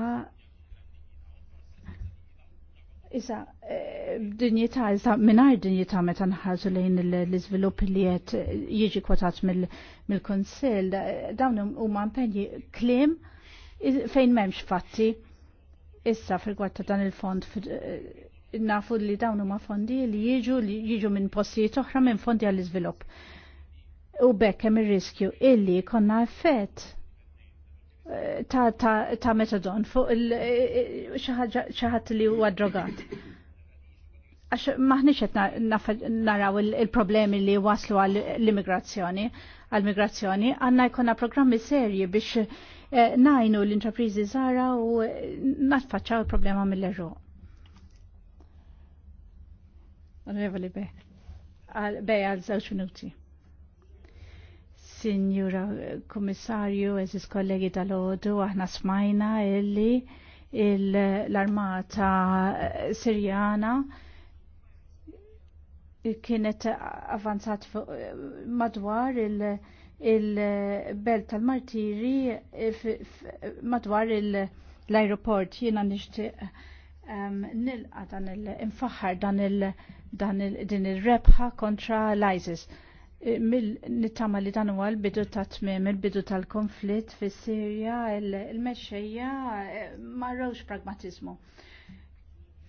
Issa, eh, dinjita, issa minar dinjita meta nħarsu lejn l izvilup li jiet jiġi kwotat mill-Konsil, eh, dawn huma impenji klim fejn m'hemmx fatti. Issa fil gwatta ta' dan il-fond eh, nafu li dawn huma fondi li jiġu li jiġu minn postijiet oħra minn fondi għall-iżvilupp. U bekk hemm ir-riskju illi konna effett ta', ta, ta metadon fuq xaħat li huwa drogat. Għax maħniċ qed naraw il-problemi li waslu għall-immigrazzjoni, għall-migrazzjoni, għandna jkollna programmi serji biex eh, najnu l-intrapriżi żara u natfaċċaw il-problema mill-erru. be, be għal żewġ minuti. Signora Komissarju, eżis kollegi tal-ħodu, aħna smajna illi l-armata sirjana kienet avanzat madwar il- belt tal-martiri madwar l-aeroport jiena nixtieq nilqa dan il infahar dan il- din il-rebħa kontra l-ISIS. Mill Nittama li dan huwa l-bidu ta' tmiem il-bidu tal-konflitt fis sirja il-mexxejja eh, marrewx pragmatiżmu.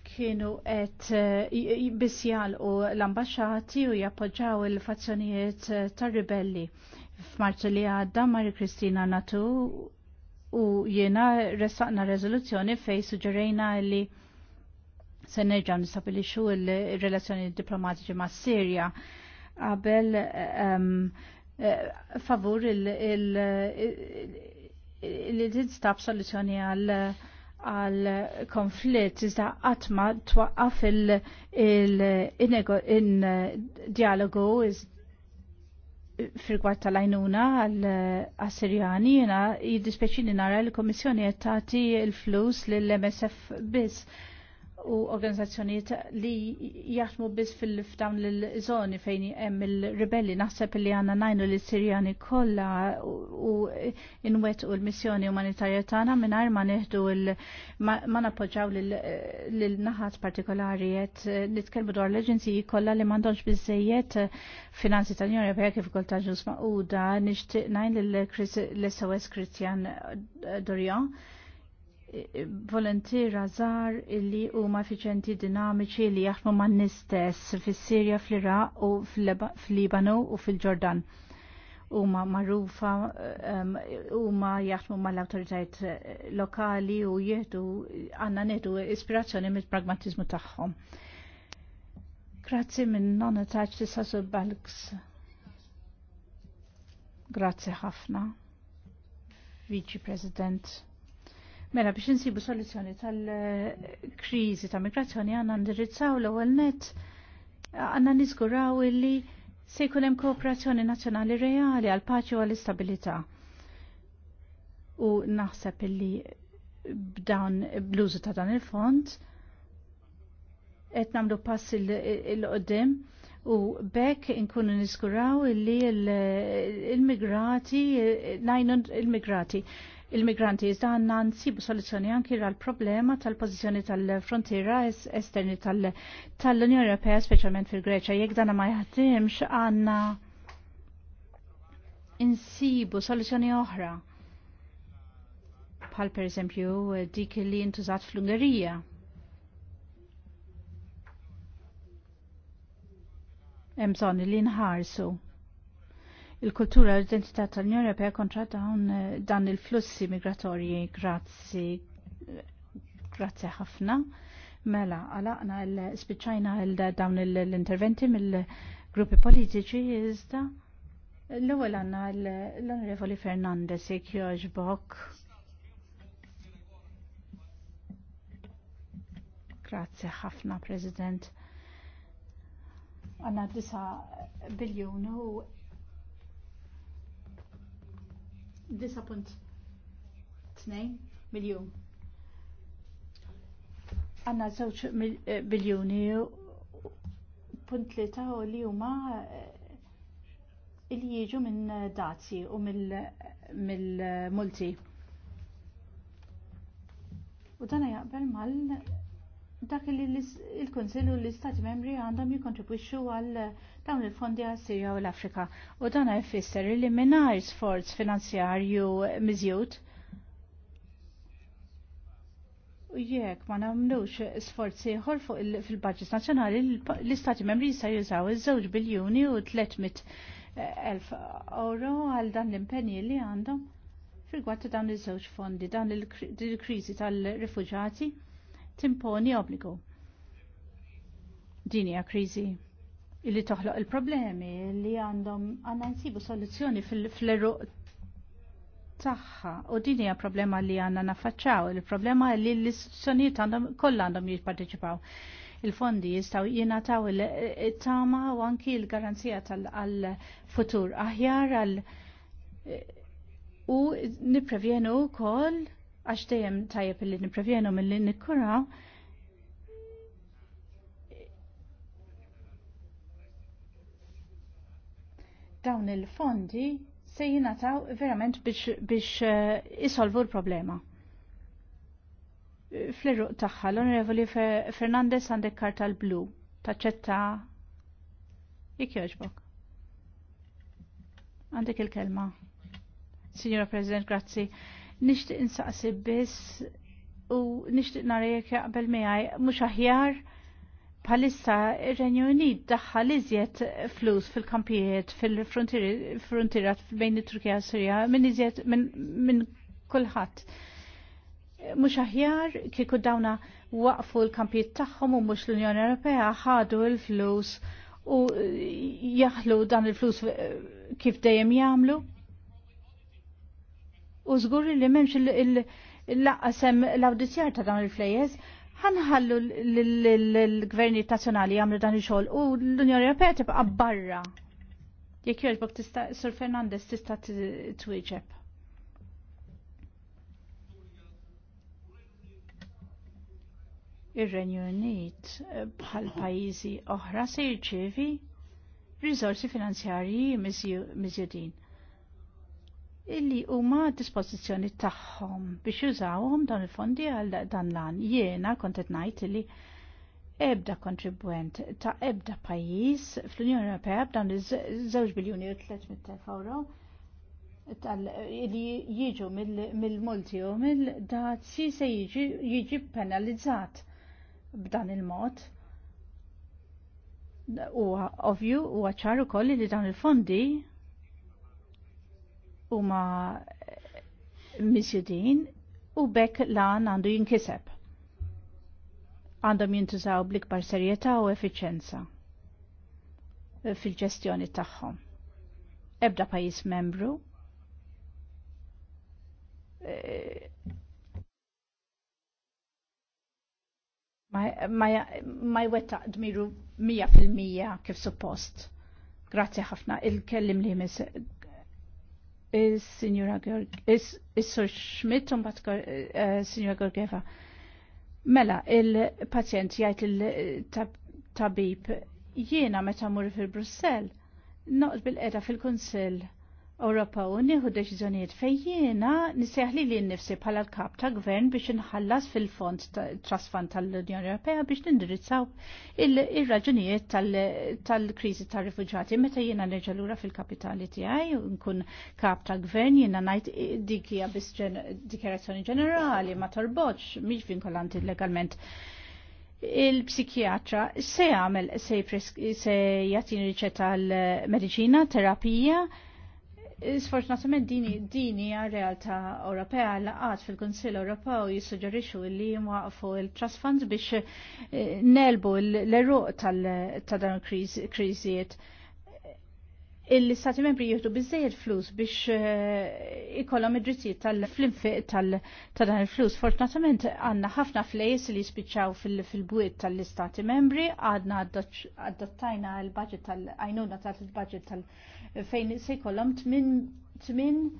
Kienu qed eh, biss jalqu l-ambaxxati u jappoġġaw il-fazzjonijiet eh, tar-ribelli. F'Marzu li għadda Mari Kristina Natu u jiena ressaqna reżoluzzjoni fej suġġerejna li se nerġgħu nistabilixxu il-relazzjoni diplomatiċi mas-Sirja. il relazzjoni diplomatiċi il relazzjoni diplomatiċi mas sirja qabel ehm, eh, favur il tinstab soluzzjoni għal għal konflitt iżda għatma twaqqaf il-dialogu fil-gwart tal-ajnuna għal-Assirjani jina jiddispeċini nara l-Komissjoni jettati il-flus l-MSF bis u organizzazzjonijiet li jaħdmu biss fil-fdawn l-żoni fejn hemm il-ribelli naħseb li għandna ngħinu li Sirjani kollha u inwet u l-missjoni umanitarja tagħna mingħajr ma neħdu ma nappoġġaw lil-naħat partikolari qed nitkellmu dwar l aġenziji kollha li m'għandhomx biżejjed finanzi tal-Unjoni Ewropea kif ukoll ta' ġus maquda nixtieq ngħid lill-SOS Christian Dorian volontira żgħar illi huma fiċenti dinamiċi li jaħdmu man nistess fis-Sirja, fl-Iraq u fil-Libanu u fil-Ġordan. Huma magħrufa ehm, huma jaħdmu mal-awtoritajiet eh, lokali u jieħdu għandna nieħdu ispirazzjoni mill pragmatizmu tagħhom. Grazzi minn non taċ tisa' Balks. Grazzi ħafna. Vice President. Mela biex insibu soluzzjoni tal-kriżi ta' migrazzjoni għandna ndirizzaw l-ewwel net għandna niżguraw illi se jkun hemm kooperazzjoni nazzjonali reali għal paċi u għall istabilità. U naħseb illi b'dan bluzu ta' dan il-fond qed nagħmlu pass il-qoddim u bekk inkunu niskuraw illi l migrati najnu l migrati Il il-migranti iżda għanna nsibu soluzzjoni anki għal problema tal-pozizjoni tal-frontiera esterni tal-Unjoni Ewropea, speċjalment fil-Greċja. Jekk dana ma jaħdimx għanna insibu soluzzjoni oħra. Bħal per eżempju dik li ntużat fl-Ungerija. Hemm bżonn li nħarsu il-kultura u l-identità tal-Unjoni Ewropea kontra dawn eh, dan il-flussi migratorji grazzi grazzi ħafna. Mela, għalaqna l-spiċajna dawn l-interventi mill-gruppi politiċi iżda. L-ewwel għandna l-Onorevoli Fernandez jekk jogħġbok. Grazzi ħafna, President. Għanna 9 biljun u 9.2 miljon. Għanna zewċ eh, biljoni punt li ta' u li huma eh, il jiġu minn dazi u mill-multi. U dana jaqbel mal dak li il-Konsillu l-Istati membri għandhom jikontribwixxu għal eh, dawn il-fondi għal Sirja u l-Afrika. U dan jfisser li mingħajr sforz finanzjarju miżjud. U jekk ma nagħmlux sforzi ieħor fuq fil-budget nazzjonali l-Istati membri jista' jużaw iż-żewġ biljuni u 300 eh, elf euro għal dan l-impenji li għandhom fil-gwatt dawn iż-żewġ fondi, dan il-kriżi tal-rifuġati timponi obbligu. Din hija kriżi illi toħloq il-problemi li għandhom għandna nsibu soluzzjoni fil-eruq tagħha u din hija problema li għandna naffaċċaw, il-problema li l-istituzzjonijiet għandhom kollha għandhom jipparteċipaw il-fondi jistaw jenataw il-tama u anki il-garanzija tal-futur aħjar għal u niprevjenu kol għax dejjem tajjeb illi nipprevjenu milli nikkuraw dawn il-fondi se jingħataw verament biex, eh, isolvu l-problema. Fl-irruq tagħha l-Onorevoli Fernandez għandek karta l-blu taċċetta jekk jogħġbok. Għandek il-kelma. Signora President, grazzi nixtieq insaqsi biss u nixtieq nara jekk jaqbel miegħi mhux aħjar bħalissa ir-Renju Unit daħħal iżjed flus fil-kampijiet fil-frontirat bejn it-Turkija u Sirja minn iżjed minn kulħadd. Mhux aħjar kieku dawna waqfu l-kampijiet tagħhom u mhux l-Unjoni Ewropea ħadu l-flus u jaħlu dan il-flus kif dejjem jagħmlu u żgur li m'hemmx il-laqasem l audizjar ta' dawn il-flejes ħanħallu l-gvernijiet nazjonali għamlu dan il-xogħol u l-Unjoni Europea tibqa' barra. Jekk jogħġbok tista' Sur Fernandez tista' twieġeb. Ir-Renju Unit eh, bħal pajjiżi oħra se jirċievi riżorsi finanzjarji miżjudin illi huma dispożizzjoni tagħhom biex jużawhom dan il-fondi għal dan lan. Jiena kont qed ngħid illi ebda kontribwent ta' ebda pajjiż fl-Unjoni Ewropea b'dan iż-żewġ biljuni u 300 euro li jiġu mill-multi u mill-dazzi se jiġi penalizzat b'dan il-mod. U ovvju u għacċar ukoll li dan il-fondi huma misjudin u bekk lan għandu jinkiseb. Għandhom jintużaw bl-ikbar serjetà u effiċenza fil-ġestjoni tagħhom. Ebda pajjiż membru eh, ma jwettaq dmiru 100% kif suppost. Grazzi ħafna, il-kellim li jmiss il signora il-Sur Schmidt un bat eh, Gorgeva. Mela, il-pazjent jajt il-tabib jiena meta mur fil-Brussel, noqt bil eda fil-Konsil Ewropa u deċiżjonijiet fejjiena nisseħli li nnifsi bħala l-kap ta' gvern biex inħallas fil-fond trasfant tal-Unjoni Ewropea biex nindirizzaw ir-raġunijiet tal-kriżi tar rifuġjati meta jiena neġalura lura fil-kapitali tiegħi nkun kap ta' gvern jiena ngħid dik hija dikjerazzjoni ġenerali ma torbotx mhix vinkolanti legalment il-psikjatra se jagħmel se jagħti riċetta l-mediċina, terapija, Sfortunatament dini dini realtà Ewropea laqat fil-Kunsill Ewropew jissuġġerixxu li jwaqfu il-trust funds biex eh, nelbu l-eruq ta' dan kriżijiet. Il-Stati membri jieħdu biżejjed flus biex eh, ikollhom id-drittijiet tal-flimfiq ta' dan il-flus. Fortunatament għandna ħafna flejs li jispiċċaw fil-bwiet tal-Istati membri, għadna adottajna l-budget tal-għajnuna tal-budget tal-. -budget tal fejn se jkollhom 8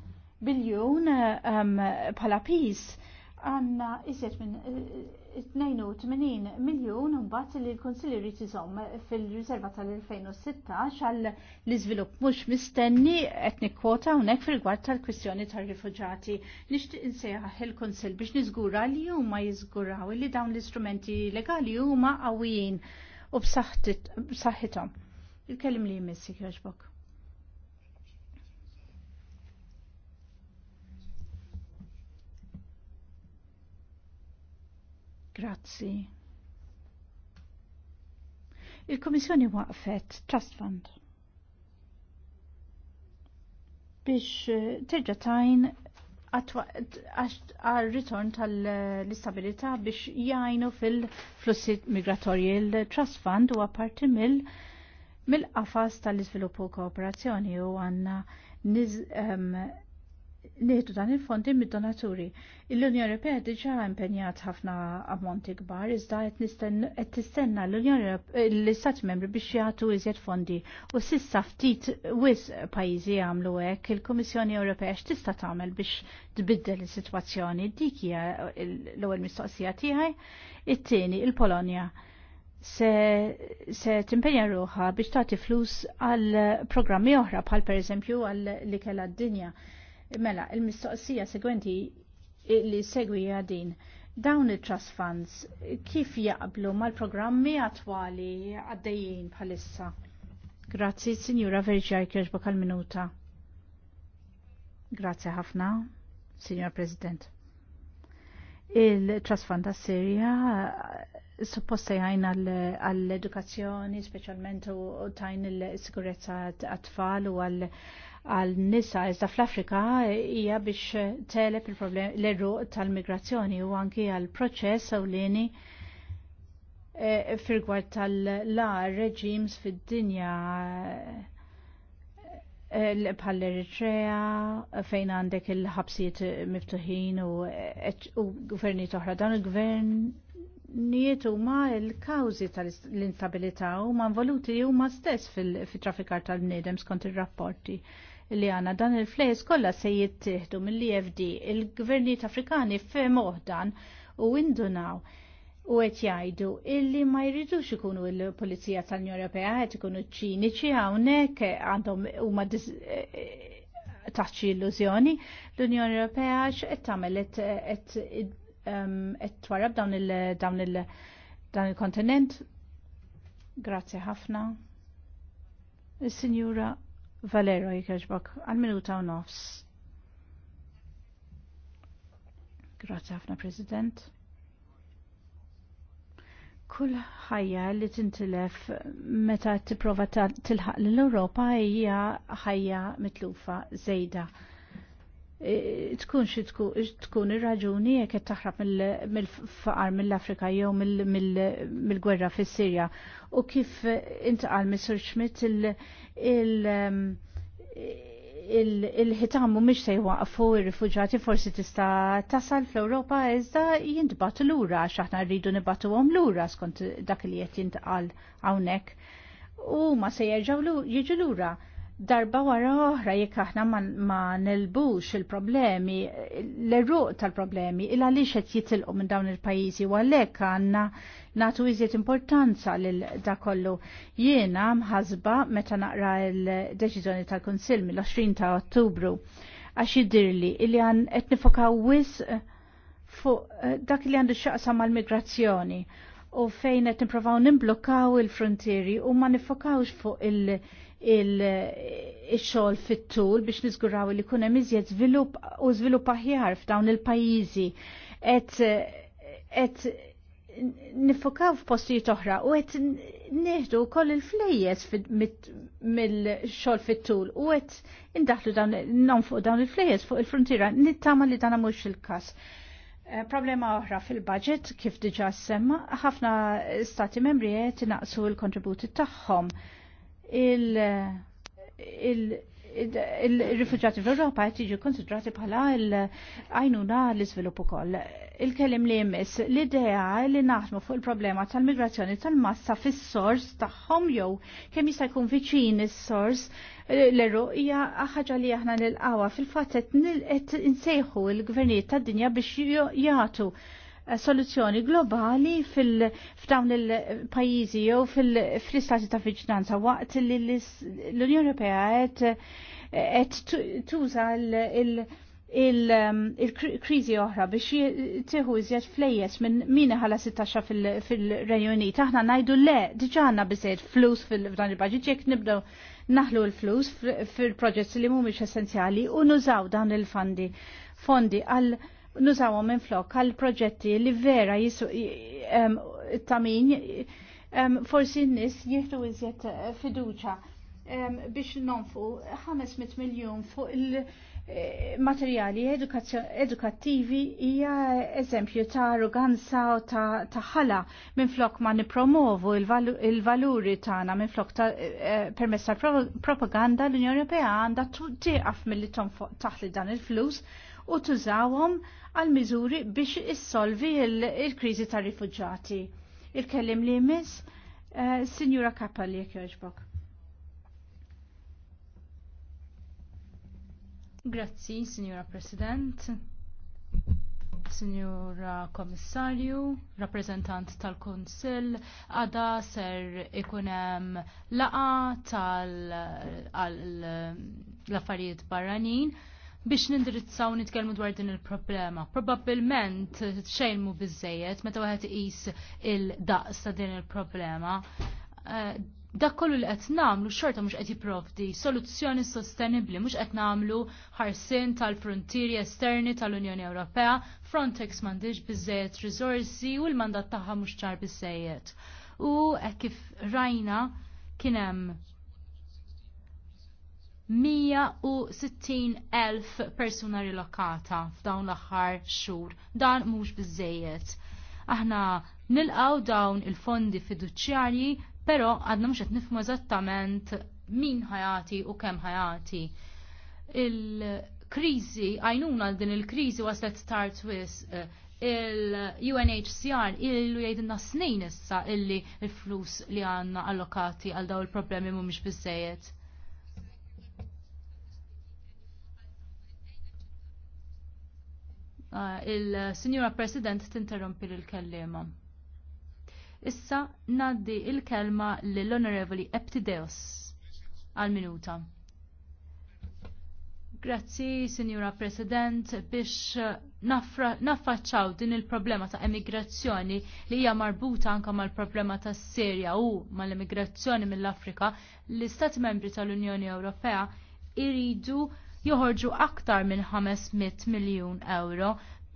biljun um, bħala pis għandna iżjed minn 82 eh, miljon mbagħad li l-Konsilju jrid iżomm fil-riserva tal-2016 għal l-iżvilupp mhux mistenni qed nikkwota hawnhekk fil gwart tal-kwistjoni tar-rifuġati. Nixtieq insejħaħ il-Kunsill biex niżgura li huma jiżguraw li dawn l-istrumenti legali huma qawwijin u b'saħħithom. Il-kellim li jmissi jogħġbok. Grazzi. Il-Komissjoni waqfet Trust Fund biex eh, terġa' tajn għal ritorn tal-istabilità biex jgħinu fil-flussi migratorji il-Trust Fund u għaparti mill mill-qafas tal-izviluppu kooperazzjoni u għanna niz Nieħdu dan il-fondi mid-donaturi. L-Unjoni Ewropea diġà impenjat ħafna ammonti kbar, iżda qed tistenna l-Unjoni l-Istati Membri biex jagħtu iżjed fondi. U sissa ftit wis pajjiżi għamlu hekk, il-Kummissjoni Ewropea x'tista' tagħmel biex tbiddel is-sitwazzjoni. Dik hija l-ewwel mistoqsija tiegħi. It-tieni il-Polonja se, se timpenja ruħa biex tagħti flus għal programmi oħra bħal pereżempju għal li kellha d-dinja. Mela, il-mistoqsija segwenti li segwi għadin dawn il-trust funds kif jaqblu mal-programmi attwali għaddejjin bħalissa? Grazzi, Signora Verġaj, kieġba kal-minuta. Grazzi ħafna, Signor President. Il-Trust Fund ta' Sirja supposta jgħajn għall-edukazzjoni, specialment u tajn il-sigurezza għat-tfal u għall għal nisa iżda fl-Afrika hija biex telep l-eruq tal-migrazzjoni u anki għal proċess ewlieni e, firgward tal-la reġims fid-dinja e, bħal eritrea fejn għandek il-ħabsijiet miftuħin u, gvern oħra, toħra dan il-gvern nietu huma l-kawżi tal-instabilità huma u huma stess fit-traffikar tal-bniedem skont ir-rapporti li għana dan il flejs kollha se jittieħdu mill-EFD. Il-gvernijiet Afrikani fem oħdan u indunaw u qed jgħidu illi ma jridux ikunu l-Pulizija tal-Unjoni Ewropea qed ikunu ċiniċi hawnhekk għandhom huma eh, taċċi illużjoni l-Unjoni Ewropea x'qed tagħmel qed twarab dawn il-dawn il dan il-kontinent. Grazzi ħafna. il sinjura Valero jikħeġbok għal-minuta u nofs. Grazie ħafna, President. Kull ħajja li tintilef meta tipprova tilħaq l europa hija ħajja mitlufa żejda Eh, tkun xi tkun ir-raġuni jekk qed taħrab mill-faqar mill-Afrika jew mill-gwerra fis-Sirja u kif eh, intqal Mr. Schmidt il- il-ħitam mhumiex se jwaqfu r rifuġati forsi tista' tasal fl-Ewropa iżda jintbagħtu lura għax aħna rridu nibatuhom lura skont dak li qed jintqal hawnhekk. U ma se jerġgħu jiġu lura darba wara oħra jekk aħna ma nelbux il-problemi, l erruq tal-problemi, il għaliex qed jitilqu minn dawn il-pajjiżi u għalhekk għandna nagħtu iżjed importanza lil dakollu. Jiena mħasba meta naqra l-deċiżjoni tal-Kunsill mill-20 ta' Ottubru għax jidirli li għan qed nifokaw wis fuq eh, dak li għandu x'aqsam mal-migrazzjoni u fejn qed nippruvaw nimblokkaw il-frontieri u ma nifokawx fuq il-, -il il-xol fit-tul biex nizguraw li kunem iżjed zvilup u zvilup aħjar f'dawn il-pajizi. Et, et nifokaw f'postijiet oħra u qed neħdu koll il-flejjes mill-xogħol fit-tul u qed indaħlu dawn fuq dawn il-flejjes fuq il frontira nittama li dan mhux il-każ. Eh, problema oħra fil-budget kif diġà semma, ħafna stati membri qed inaqsu l-kontributi tagħhom il- il-rifugġati fl-Europa qed konsidrati bħala l-għajnuna l-iżvilupp ukoll. Il-kelim li jmiss l-idea li naħdmu fuq il-problema tal-migrazzjoni tal-massa fis-sors tagħhom jew kemm jista' jkun viċin is-sors l-eru hija ħaġa li aħna nilqawha fil-fatt qed insejħu l-gvernijiet tad-dinja biex jagħtu soluzzjoni globali f'dawn il-pajjiżi jew fl-istati ta' viċinanza waqt li l-Unjoni Ewropea qed tuża um, il-kriżi oħra biex tieħu iżjed flejjes minn min ħala 16 fil-Renju Unit. Aħna ngħidu le diġà għandna biżejjed flus f'dan il-baġit jekk nibdew naħlu l-flus fil-proġetti li mhumiex essenzjali u nużaw dan il-fondi fondi għal nużawhom minn flok għal proġetti li vera jisu um, tamin forsi n-nis jieħdu iżjed eh, fiduċa biex nonfu 500 miljon fuq il- eh, materjali edukattivi hija eżempju ta' arroganza u ta' ħala minn flok ma' nipromovu il-valuri tagħna minn flok ta' eh, permessa propaganda l-Unjoni Ewropea għandha tieqaf mill-li taħt dan il-flus u tużawhom għal miżuri biex issolvi il-kriżi tar rifuġġati Il-kellim li jmiss, uh, Signora Kappa jek joġbok. Grazzi, Sinjura President, Signora Komissarju, rappresentant tal-Konsil, għada ser ikunem laqa tal-affarijiet barranin biex nindirizzaw nitkellmu dwar din il-problema. Probabbilment xejnmu bizzejet meta wieħed iqis il-daqs ta' din il-problema. Eh, dak kollu li qed nagħmlu xorta mhux qed jipprovdi soluzzjoni sostenibbli mhux qed nagħmlu ħarsien tal-frontieri esterni tal-Unjoni Ewropea, Frontex m'għandix biżejjed riżorsi u l-mandat tagħha mhux ċar biżejjed. U hekk kif rajna kien hemm 160.000 persuna rilokata f'dawn l-aħħar xhur. Dan mhux biżejjed. Aħna nilqaw dawn il-fondi fiduċjarji, però għadna mhux qed nifhmu eżattament min ħajati u kemm ħajati. Il-kriżi, għajnuna din il-kriżi waslet tard wis il-UNHCR illu jgħidinna snin issa illi il-flus li għanna allokati għal daw il-problemi mhumiex biżejjed Ah, il-Sinjura President tinterrompi l-kellima. Issa naddi il-kelma l-Onorevoli Eptideos għal-minuta. Grazzi, Sinjura President, biex naffaċċaw din il-problema ta' emigrazzjoni li hija marbuta anka mal-problema ta' Sirja u mal-emigrazzjoni mill-Afrika, l-Istati membri tal-Unjoni Ewropea iridu joħorġu aktar minn 500 miljun euro,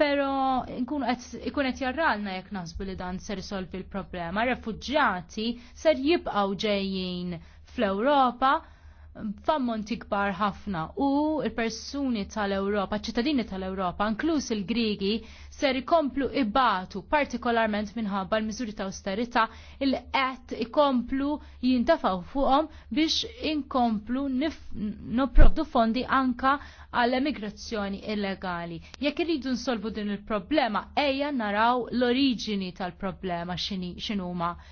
pero ikun qed jarralna jekk naħsbu li dan ser isolvi l-problema. Refuġġjati ser jibqgħu ġejjin fl-Ewropa f'ammonti kbar ħafna u il-persuni tal-Ewropa, ċittadini tal-Ewropa, inkluż il-Grigi, ser ikomplu ibatu partikolarment minħabba l-miżuri ta' austerita il qed ikomplu jintafaw fuqhom biex inkomplu noprovdu fondi anka għall-emigrazzjoni illegali. Jekk iridu nsolvu din il-problema, ejja naraw l-oriġini tal-problema x'inhuma. Xin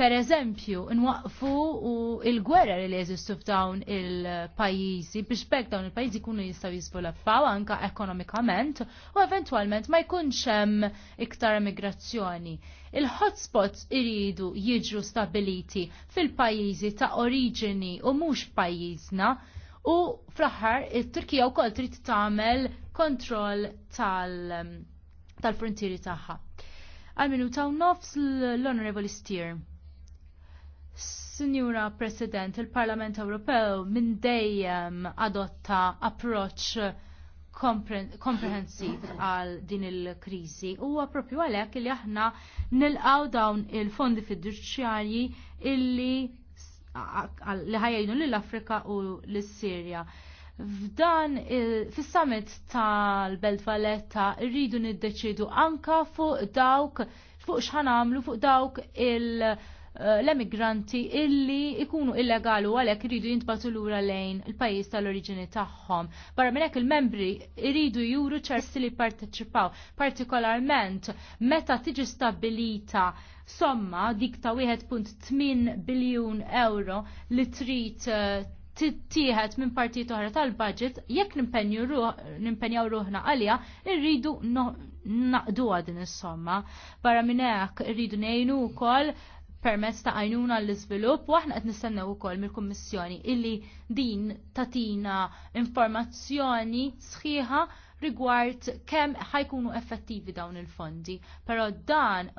Per eżempju, nwaqfu u il-gwerra li jeżistu f'dawn il-pajjiżi biex bekk dawn il-pajjiżi kunu jistgħu jiżviluppaw anka ekonomikament u eventwalment ma jkunx hemm iktar immigrazzjoni. Il-hotspots iridu jiġu stabiliti fil-pajjiżi ta' oriġini u mhux pajjiżna u fl-aħħar it-Turkija wkoll trid tagħmel kontroll tal-frontieri tal tagħha. Għal-minu ta' nofs l-Honorable Steer. Sinjura President, il-Parlament Ewropew minn dejjem adotta approċċ komprehensiv għal din il-krizi. Huwa għapropju għalhekk li aħna nilqgħu dawn il-fondi fiduċjarji illi li ħajajnu lill-Afrika u l-Sirja. F'dan fis-summit tal-Belt Valletta rridu niddeċidu anka fuq dawk fuq x'ħanamlu fuq dawk il- Eh, l-emigranti illi ikunu illegali għalek iridu jintbatu lura lejn il-pajis tal-oriġini tagħhom. Barra minn il-membri jridu juru ċersi li parteċipaw, partikolarment meta tiġi stabilita somma dik ta' 1.8 biljun euro li trid eh, tittieħed minn partit oħra tal-budget, jekk nimpenjaw ruħna għalija, irridu naqdu din is-somma. Barra minn hekk irridu ngħinu wkoll permezz ta' għajnuna l izvilup u aħna qed nistennew ukoll mill-Kummissjoni illi din tatina informazzjoni sħiħa rigward kemm ħajkunu effettivi dawn il-fondi. Però dan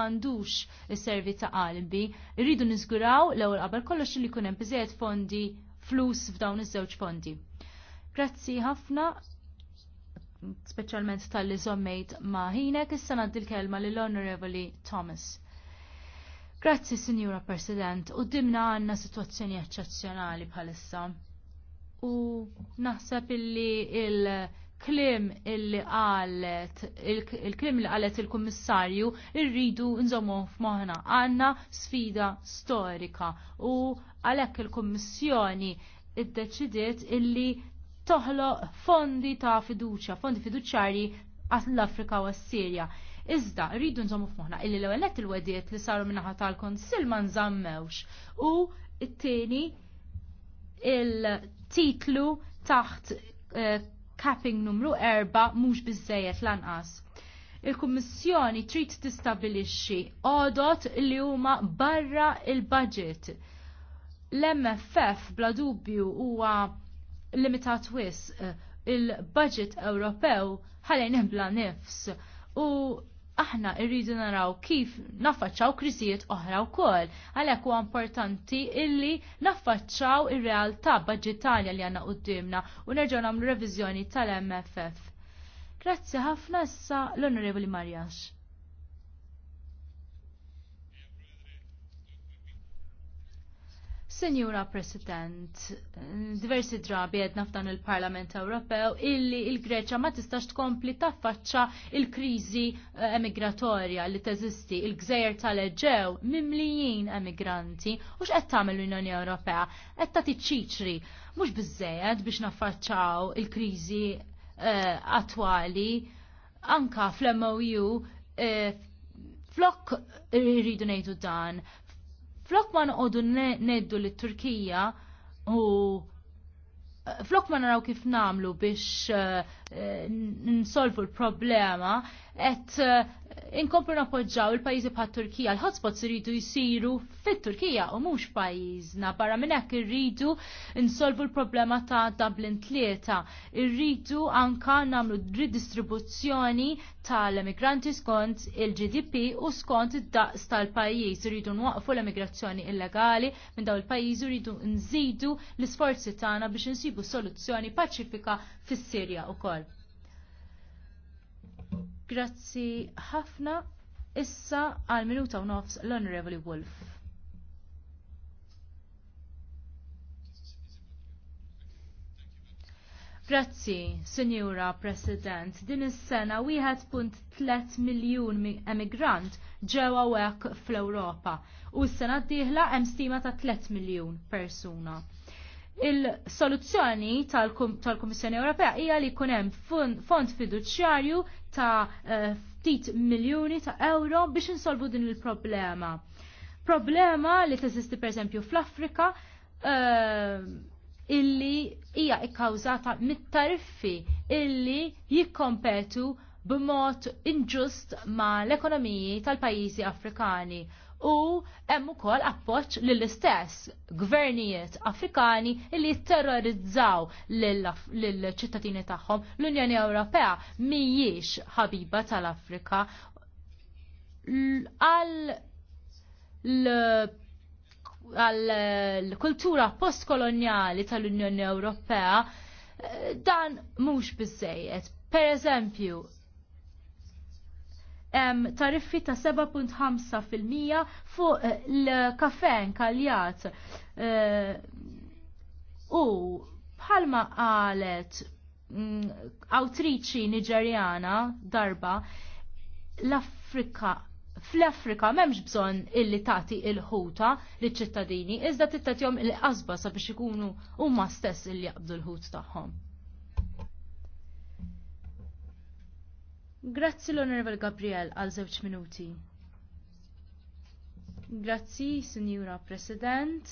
mandux is-servi ta' qalbi, rridu niżguraw l-ewwel qabel kollox li jkun hemm fondi flus f'dawn iż-żewġ fondi. Grazzi ħafna speċjalment tal-li zommejt ma' ħinek, issa naddi l-kelma lill-Honorevoli Thomas. Grazzi, Signora President, u dimna għanna situazzjoni eccezzjonali bħalissa. U naħseb illi il-klim illi għalet, il-klim illi għalet il-Kommissarju irridu nżommu f'moħna. Għanna sfida storika u għalek il-Kommissjoni id-deċidiet illi toħloq fondi ta' fiduċa, fondi fiduċari għall-Afrika u s-Sirja. Iżda, rridu nżomu f'moħna illi l-ewwel il-wediet li saru minnaħa tal-Konsil ma nżammewx u t-tieni il-titlu taħt eh, capping numru 4 mhux biżejjed lanqas il-Kummissjoni trid tistabilixxi għodot li huma barra il-budget. L-MFF bla dubju huwa limitat wis eh, il-budget Ewropew ħalejn bla nifs u aħna irridu naraw kif naffaċċaw kriżijiet oħra wkoll. Għalhekk huwa importanti illi naffaċċaw ir-realtà budgetarja li għandna qudiemna u nerġgħu nagħmlu reviżjoni tal-MFF. Grazzi ħafna issa l-Onorevoli Marjax. Senjura President, diversi drabi għedna f'dan il-Parlament Ewropew illi il-Greċa ma tistax tkompli taffaċċa il-krizi eh, emigratorja li teżisti il-gżejjer tal-Eġew mimlijin emigranti u x'qed tagħmel l-Unjoni Ewropea qed tagħti ċiċri mhux biżejjed biex naffaċċaw il-krizi eh, attwali anka fl-MOU eh, flok irridu ngħidu dan Flok ma noqogħdu neddu li Turkija u eh, flok ma naraw kif namlu biex eh, Eh, nsolvu l-problema qed eh, inkomplu napoġġaw il-pajjiżi bħat Turkija. L-hotspots rridu jsiru fit-Turkija u mhux pajjiżna. Barra minn hekk irridu nsolvu l-problema ta' Dublin tlieta. Irridu anka nagħmlu ridistribuzzjoni tal-emigranti skont il-GDP u skont id-daqs tal-pajjiż. Irridu nwaqfu l-emigrazzjoni illegali minn dawn il pajiz irridu nżidu l-isforzi tagħna biex nsibu soluzzjoni paċifika fis-Sirja wkoll. Grazzi ħafna issa għal minuta u nofs l-Honorable Wolf. Grazzi, Sinjura President, din is-sena 1.3 miljun emigrant ġewa wek fl-Ewropa u s-sena d-dieħla hemm stima ta' 3 miljun persuna il-soluzzjoni tal-Kummissjoni Ewropea hija li jkun hemm fond fiduċjarju ta' eh, ftit miljoni ta' euro biex insolvu din il-problema. Problema li teżisti per esempio fl-Afrika eh, illi hija ikkawżata mit-tariffi illi jikkompetu b'mod inġust ma l-ekonomiji tal-pajjiżi Afrikani u hemm ukoll appoġġ lill-istess gvernijiet Afrikani li jitterrorizzaw lill-ċittadini tagħhom. L-Unjoni Ewropea mhijiex ħabiba tal-Afrika għal kultura postkoloniali tal-Unjoni Ewropea eh, dan mhux biżejjed. Per eżempju, tariffi ta' 7.5% fuq eh, l kafè nkaljat. Eh, u bħalma qalet mm, awtriċi Niġerjana darba l-Afrika fl-Afrika memx bżon illi tati il-ħuta li ċittadini, iżda tittatjom il-qasba sabiex ikunu huma stess illi jaqbdu l-ħut tagħhom. Grazzi l-Onorevole Gabriel għal żewġ minuti. Grazzi, Signora President.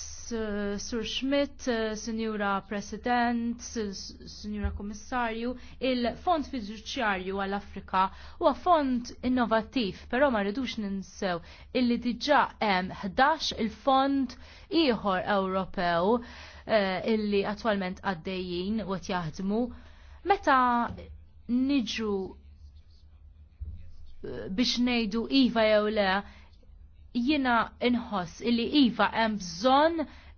Sur Schmidt, Signora President, Signora Kommissarju, il-Fond Fiduċjarju għall-Afrika huwa fond innovattiv, però ma rridux ninsew illi diġà hemm 11 il-fond ieħor Ewropew eh, illi attwalment għaddejjin u qed jaħdmu Meta niġu eh, biex nejdu Iva jew le, jina inħoss illi Iva hemm bżonn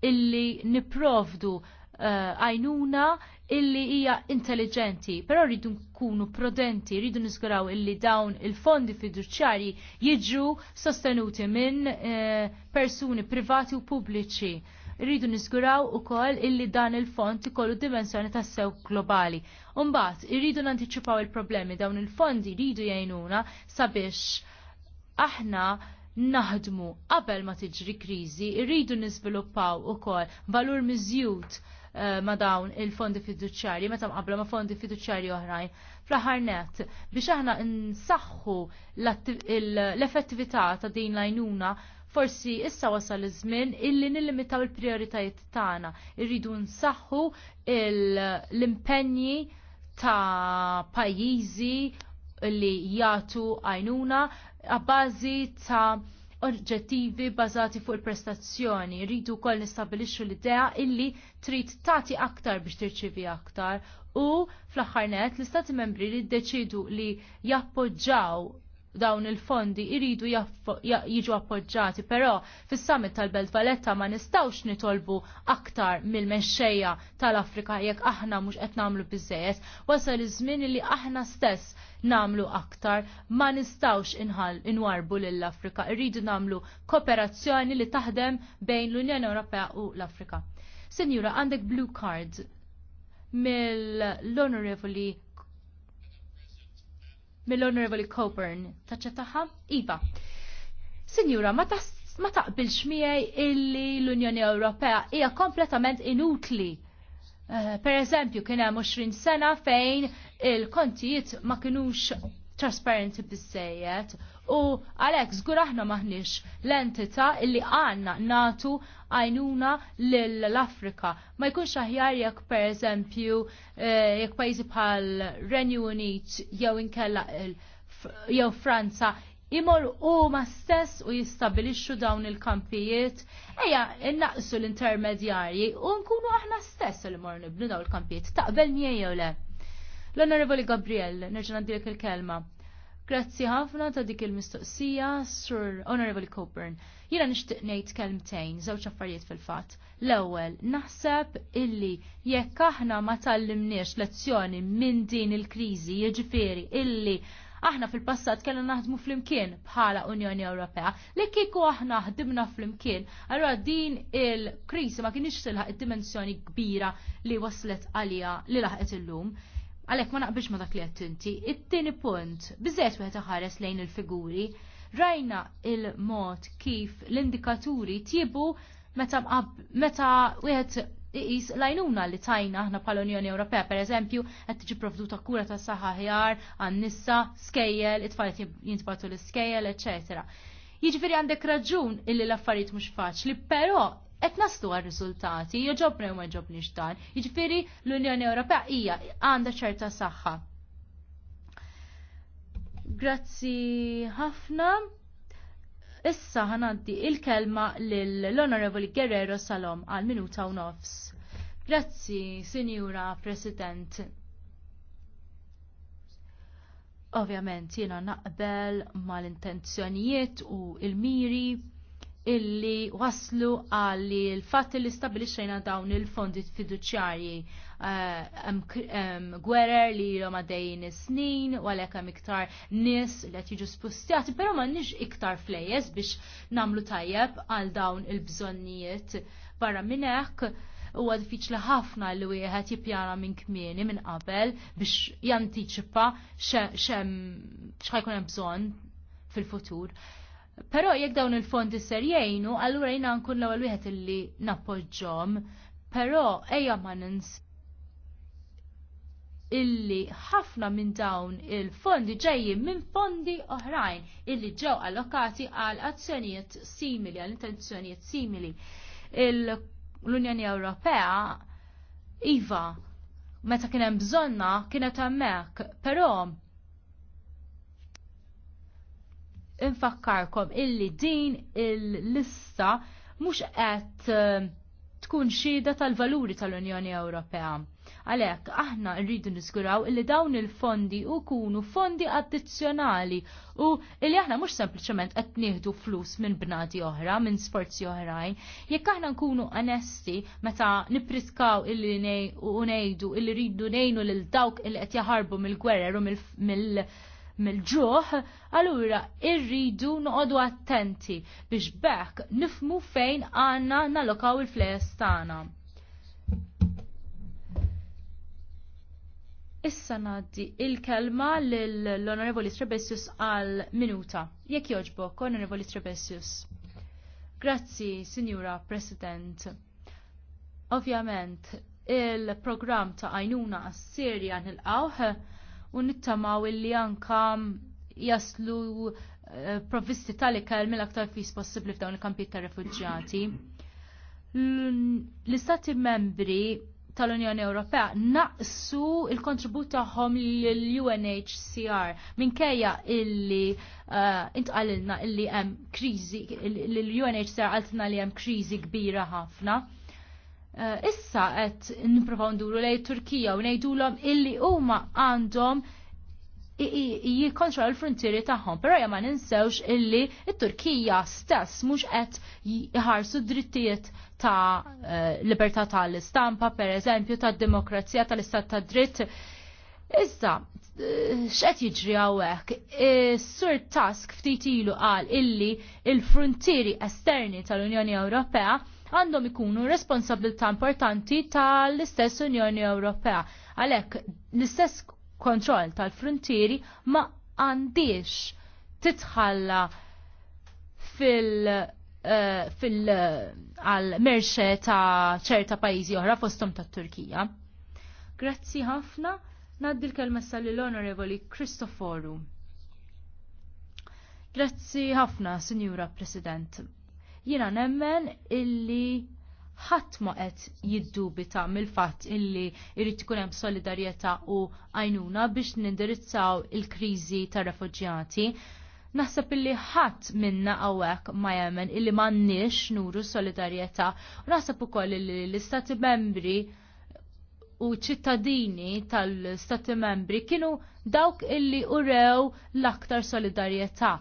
illi niprovdu eh, għajnuna uh, illi hija intelligenti, però rridu nkunu prudenti, rridu niżguraw illi dawn il-fondi fiduċjarji jiġu sostenuti minn uh, persuni privati u pubbliċi Irridu u ukoll illi dan il-fond ikollu dimensjoni tas-sew globali. Umbat, irridu nantiċipaw il-problemi dawn il-fondi jridu jgħinuna sabiex aħna naħdmu qabel ma tiġri kriżi, irridu niżviluppaw ukoll valur miżjud eh, ma dawn il-fondi fiduċjarji, meta mqabla ma fondi fiduċjarji oħrajn. Fl-aħħar net, biex aħna nsaħħu l-effettività ta' din l forsi issa wasal iż-żmien illi nillimitaw il prijoritajiet tagħna. Irridu nsaħħu l-impenji ta' pajjiżi li jagħtu għajnuna għabbażi ta' oġġettivi bazati fuq il-prestazzjoni. Rridu kol nistabilixxu l-idea illi trid tagħti aktar biex tirċivi aktar u fl-aħħar l-istati membri li ddeċidu li jappoġġaw dawn il-fondi iridu jiġu appoġġati, però fis-summit tal-Belt Valletta ma nistawx nitolbu aktar mill-mexxejja tal-Afrika jekk aħna mhux qed nagħmlu biżejjed, wasal iż-żmien li aħna stess nagħmlu aktar, ma nistawx inħal inwarbu lill-Afrika, irridu nagħmlu kooperazzjoni li taħdem bejn l-Unjoni Ewropea u l-Afrika. Sinjura, għandek blue card mill honorable mill-Honorable Coburn. Taċċettaħħa? Iva. Sinjura, ma tas ma taqbilx miegħi illi l-Unjoni Ewropea hija kompletament inutli. Uh, per eżempju, kien hemm 20 sena fejn il-kontijiet ma kinux trasparenti bissejjed U għalek, zgur aħna maħnix l-entita illi għanna natu għajnuna l-Afrika. Ma jkunx aħjar jekk per eżempju, eh, jekk pajzi bħal Renju Unit jew inkella jew Franza imor u ma stess u jistabilixxu dawn il-kampijiet, eja, innaqsu l-intermedjarji u nkunu aħna stess li mor nibnu dawn il-kampijiet. Taqbel miej jew le. L-Onorevoli Gabriel, nerġa' għandilek il-kelma. Grazzi ħafna ta' dik il-mistoqsija, Sur Honorable Coburn. Jina nishtiq ngħid kelmtejn, żewġ affarijiet fil-fatt. L-ewwel, naħseb illi jekk aħna ma tallimniex lezzjoni minn din il-kriżi, jiġifieri illi aħna fil-passat kellna naħdmu flimkien bħala Unjoni Ewropea, li kieku aħna ħdimna flimkien, għarra din il-kriżi ma kienx tilħaq id-dimensjoni kbira li waslet għalija li laħqet illum. lum Għalhekk ma naqbilx ma dak li qed inti. It-tieni punt, bizzet wieħed ħares lejn il-figuri, rajna il-mod kif l-indikaturi tjibu meta meta wieħed iqis lajnuna li tajna aħna bħal Unjoni Ewropea, per eżempju, qed tiġi provduta kura ta' saħħa ħjar għan-nissa, skejjel, it-tfajlet jintbatu l-skejjel, eċċetera. Jiġifieri għandek raġun illi l-affarijiet mhux faċli, però qed nastu għal riżultati, joġobna u maġobni xtan. dan. Jiġifieri l-Unjoni Ewropea hija għandha ċerta saħħa. Grazzi ħafna. Issa ħanaddi il-kelma lill-Onorevoli Guerrero Salom għal minuta u nofs. Grazzi, Signora President. Ovvjament jiena naqbel mal-intenzjonijiet u il-miri illi waslu għalli l-fatt li stabilixxejna dawn il-fondi fiduċjarji eh, gwerer li l għadejn snin u għalek hemm iktar nis li qed jiġu spustjati, però m'għandniex iktar flejes biex namlu tajjeb għal dawn il-bżonnijiet barra minn hekk huwa diffiċli ħafna li wieħed jippjana minn kmieni minn qabel biex jantiċipa x'ħajkun hemm bżonn fil-futur. Però jekk dawn il-fondi ser jgħinu, allura jina nkun l-ewwel wieħed illi nappoġġom, però ejja ma nins illi ħafna minn dawn il-fondi ġejjin minn fondi oħrajn illi ġew allokati għal azzjonijiet simili, għal intenzjonijiet simili. L-Unjoni Ewropea iva meta kien hemm bżonna kienet hemmhekk, però infakkarkom illi din il-lista mhux qed eh, tkun xhieda tal-valuri tal-Unjoni Ewropea. Għalhekk aħna rridu nizguraw illi dawn il-fondi kunu fondi addizzjonali u illi aħna mhux sempliċement qed nieħdu flus minn bnadi oħra, minn sforzi oħrajn, jekk aħna nkunu onesti meta nipriskaw illi u ngħidu illi rridu ngħinu lil dawk illi qed jaħarbu mill-gwerer u mill mill-ġuħ, allura irridu noqodu attenti biex bekk nifmu fejn għanna nalokaw il-flejes tagħna. Issa naddi il-kelma l-Onorevoli Trebessius għal minuta. Jekk joġbok, Onorevoli Trebessius. Grazzi, Signora President. Ovvjament, il-programm ta' għajnuna għas-Sirja nil-qawħ u nittamaw illi anka jaslu eh, provvisti tal-ikel mill-aktar fis possibli f'dawn il-kampijiet ta' refugġjati. L-istati membri tal-Unjoni Ewropea naqsu il-kontribut tagħhom l-UNHCR minkejja illi eh, intqalilna illi hemm kriżi l-UNHCR għaltna li hemm kriżi kbira ħafna. Eh, issa qed nipprovaw nduru lej Turkija u ngħidulhom illi huma għandhom jikontrol l-frontieri tagħhom, però ja ma ninsewx illi t-Turkija stess mhux qed jħarsu drittijiet ta' eh, libertà tal-istampa, per eżempju, tad-demokrazija tal-istat ta' dritt. Issa, eh, x'qed jiġri hawnhekk? Sur Task ftit ilu qal illi il-frontieri esterni tal-Unjoni Ewropea għandhom ikunu responsabilta importanti tal-istess Unjoni Ewropea. Għalhekk l-istess kontroll tal-frontieri ma għandix titħalla fil- uh, fil- eh, għal merxe ta' ċerta pajjiżi oħra fostom ta' Turkija. Grazzi ħafna, naddi l-kelma sal-Onorevoli Kristoforu. Grazzi ħafna, Signora President. Jiena nemmen illi ħadd ma qed jiddubita mill-fatt illi jrid ikun hemm solidarjetà u għajnuna biex nindirizzaw il-kriżi tar-refuġjati. Naħseb illi ħadd minna għawek ma jemmen illi m'għandniex nuru solidarjetà u naħseb ukoll illi l-istati membri u ċittadini tal-stati membri kienu dawk illi urew l-aktar solidarjetà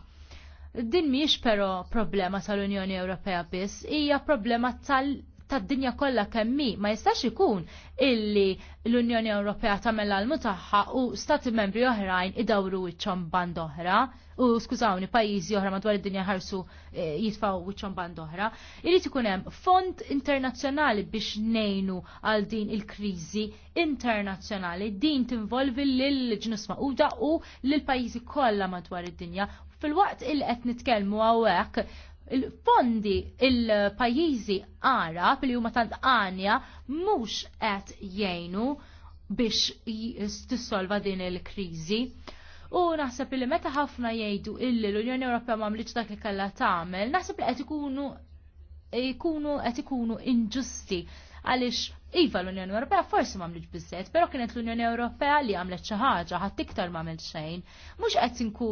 Din miex però problema tal-Unjoni Ewropea biss, hija problema tal- tad-dinja kollha kemmi ma jistax ikun illi l-Unjoni Ewropea tagħmel l-almu tagħha u stati membri oħrajn idawru wiċċhom band oħra u skużawni pajjiżi oħra madwar id-dinja ħarsu e, eh, jitfaw wiċċhom band oħra. Irid ikun hemm fond internazzjonali biex nejnu għal din il-kriżi internazzjonali din tinvolvi lil ġnus maquda u lil pajjiżi kollha madwar id-dinja Fil-waqt il qed nitkellmu hawnhekk il-fondi il-pajjiżi Arab li huma tant għanja mhux qed jgħinu biex tissolva din il-kriżi. U naħseb li meta ħafna jgħidu illi l-Unjoni Ewropea m'għamlitx dak li kellha tagħmel, naħseb li qed ikunu ikunu qed ikunu inġusti għaliex Iva l-Unjoni Ewropea forsi ma għamlitx bizzet, pero kienet l-Unjoni Ewropea li għamlet xi ħaġa ħadd iktar ma għamlet xejn. Mhux qed inku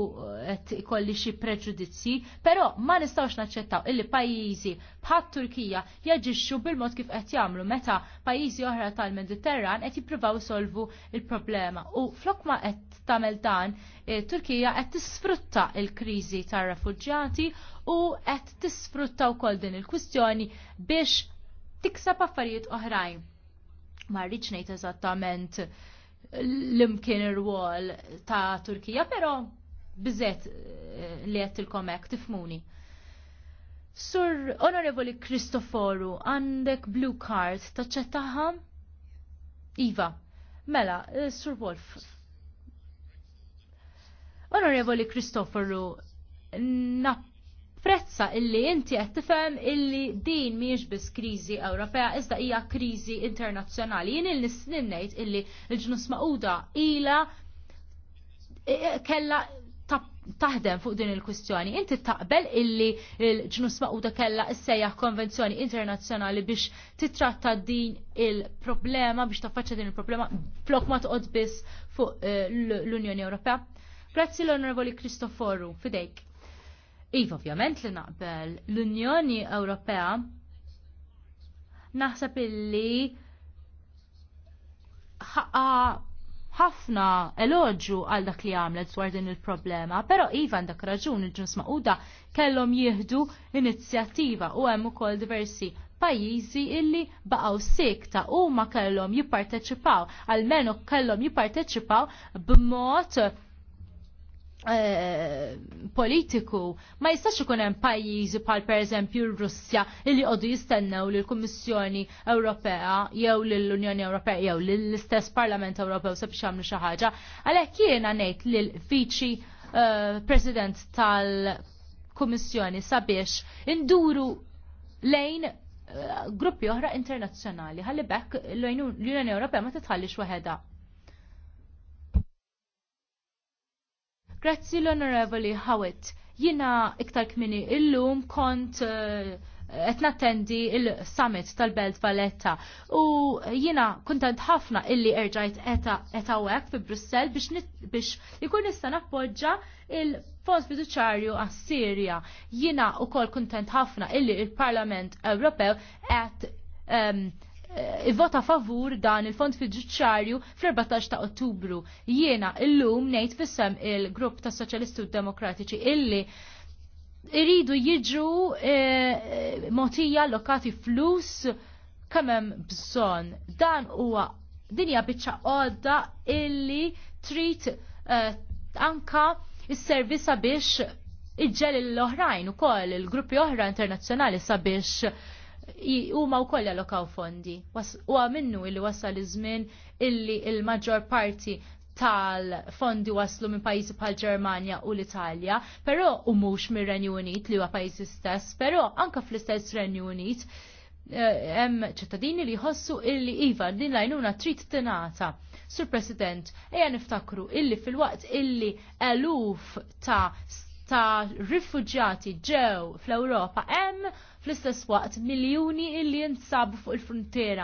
qed ikolli xi preġudizzi, però ma nistgħux naċċettaw illi pajjiżi bħat Turkija jaġixxu bil-mod kif qed jagħmlu meta pajjiżi oħra tal-Mediterran qed jippruvaw solvu il-problema. U flok ma qed tagħmel dan, e, Turkija qed tisfrutta il-kriżi tar refuġġjati u qed tisfrutta wkoll din il-kwistjoni biex tiksab affarijiet oħrajn. Ma rridx ngħid eżattament l-imkien ir-wol ta' Turkija, però biżet eh, li qed tilkom hekk tifmuni. Sur Onorevoli Kristoforu, għandek blue card taċċettaħħa? Iva, mela, eh, Sur Wolf. Onorevoli Kristoforu, nap prezza illi inti qed tifhem illi din mhijiex biss kriżi Ewropea iżda hija kriżi internazzjonali. Jien il ngħid illi l-ġnus maquda ila e, e, kella taħdem fuq din il-kwistjoni. Inti taqbel illi l-ġnus maquda kella issejjaħ konvenzjoni internazzjonali biex titratta din il-problema, biex taffaċċa din il-problema, flok ma toqgħod biss fuq eh, l-Unjoni Ewropea. Grazzi l-Onorevoli Kristoforu, fidejk. Iva ovvjament li naqbel l-Unjoni Ewropea naħseb illi ħaqqa ħafna eloġu għal dak li għamlet dwar din il-problema, pero Iva għandek raġun il-ġuns maquda kellhom jieħdu inizjattiva u hemm ukoll diversi pajjiżi illi baqgħu sikta u ma kellhom jipparteċipaw, għalmenu kellhom jipparteċipaw b'mod Eh, politiku ma jistax ikun hemm pajjiżi bħal pereżempju r-Russja li qogħdu jistennew lill kummissjoni Ewropea jew lill-Unjoni Ewropea jew lill-istess Parlament Ewropew sabiex jagħmlu xi ħaġa. Għalhekk jiena ngħid lil viċi eh, President tal-Kummissjoni sabiex induru lejn eh, gruppi oħra internazzjonali ħalli bekk l-Unjoni Ewropea ma titħallix waħedha Grazzi l-Onorevoli Howitt. Jina iktar kmini illum kont uh, qed nattendi il-summit tal-Belt Valletta u jiena kuntent ħafna illi erġajt eta hawnhekk fi Brussell biex biex ikun nista' nappoġġa il-Fond Fiduċarju għas-Sirja. Jiena kol kuntent ħafna illi il-Parlament Ewropew qed i-vota favur dan il-fond fiduċarju fl-14 ta' Ottubru. Jiena illum ngħid fissem il-grupp ta' Soċjalisti u Demokratiċi illi iridu jiġu e, e, motija allokati flus kamem bżon. Dan huwa dinja biċċa għodda illi trid e, anka is-servisa biex iġġel l-oħrajn u koll il-gruppi oħra internazzjonali sabiex huma wkoll allokaw fondi. U minnu illi wasal iż-żmien illi il-maġġor parti tal-fondi waslu minn pajjiżi bħal Ġermanja u l-Italja, però u mhux mir-Renju Unit li huwa pajjiżi stess, però anke fl-istess Renju Unit eh, hemm ċittadini li jħossu illi iva din lajnuna trid tingħata. Sur President, eja niftakru illi fil-waqt illi eluf ta' ta' rifugjati ġew fl-Ewropa hemm fl-istess waqt miljuni illi jinsabu fuq il-frontiera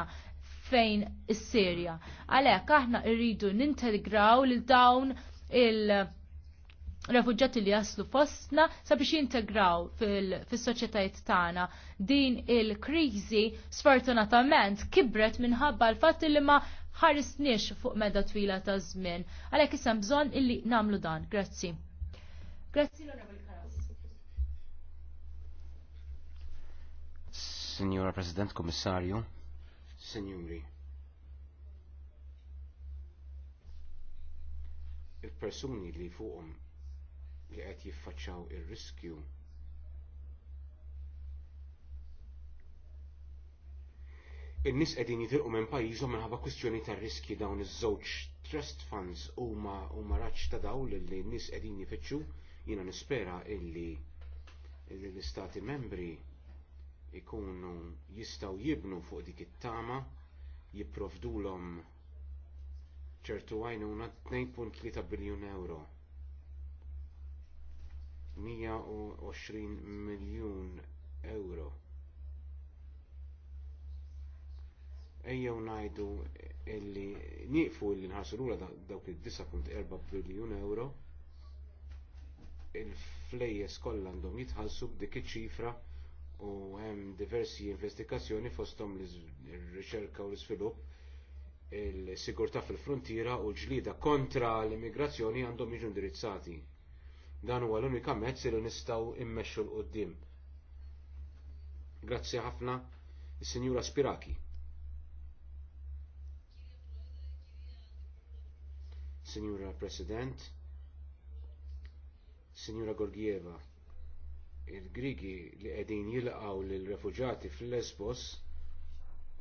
fejn is-Sirja. Għalhekk aħna rridu nintegraw lil dawn il- refugġati li jaslu fostna sabiex jintegraw fil-soċjetajiet fil tagħna. Din il-kriżi sfortunatament kibret minħabba l-fatt li ma ħarisniex fuq meda twila ta' żmien. Għalhekk issa bżonn illi nagħmlu dan. Grazzi. Grazzi l Signora President, Commissario, Signori. Il-persuni li fuqhom li qed jiffaċċaw ir-riskju in-nies qegħdin jitilqu minn pajjiżhom minħabba kwistjoni tar-riski dawn iż-żewġ trust funds huma huma raċ ta' dawl li n-nies qegħdin jifittxu jiena nispera illi l-istati membri ikunu jistaw jibnu fuq dik it-tama, jipprovdulhom ċertu għajnuna 2.3 biljun euro. 120 miljun euro. Ejjew ngħidu illi nieqfu illi nħasrula dawk id-9.4 biljun euro il-flejjes kollha għandhom jitħallsu b'dik iċ-ċifra u hemm diversi investigazzjoni fosthom l-riċerka u l-iżvilupp il-sigurtà fil-frontiera u l-ġlida kontra l-immigrazzjoni għandhom jiġu indirizzati. Dan huwa l-unika mezz li nistgħu immexxu l qudiem Grazzi ħafna, is-Sinjura Spiraki. Sinjura President, Sinjura Gorgieva, il-Grigi li qegħdin jilqgħu lill refuġati fil-Lesbos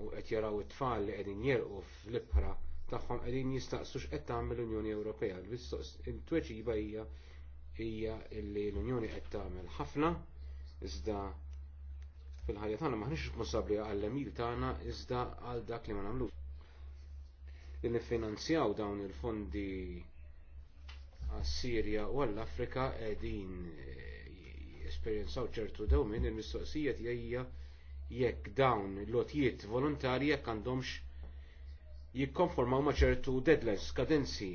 u qed jaraw it-tfal li qegħdin jerqu fl-ibħra tagħhom qegħdin jistaqsu x'qed tagħmel l-Unjoni Ewropea. Il-tweġiba hija hija li l-Unjoni qed tagħmel ħafna iżda fil-ħajja tagħna maħniex responsabbli għall-emil tagħna iżda għal dak li ma nagħmlu. Li niffinanzjaw dawn il-fondi għas-Sirja u għall-Afrika qegħdin esperjenzaw ċertu minn il-mistoqsija tiegħija jekk dawn l-lotjiet volontarji jekk għandhomx jikkonformaw ma' ċertu deadlines, skadenzi.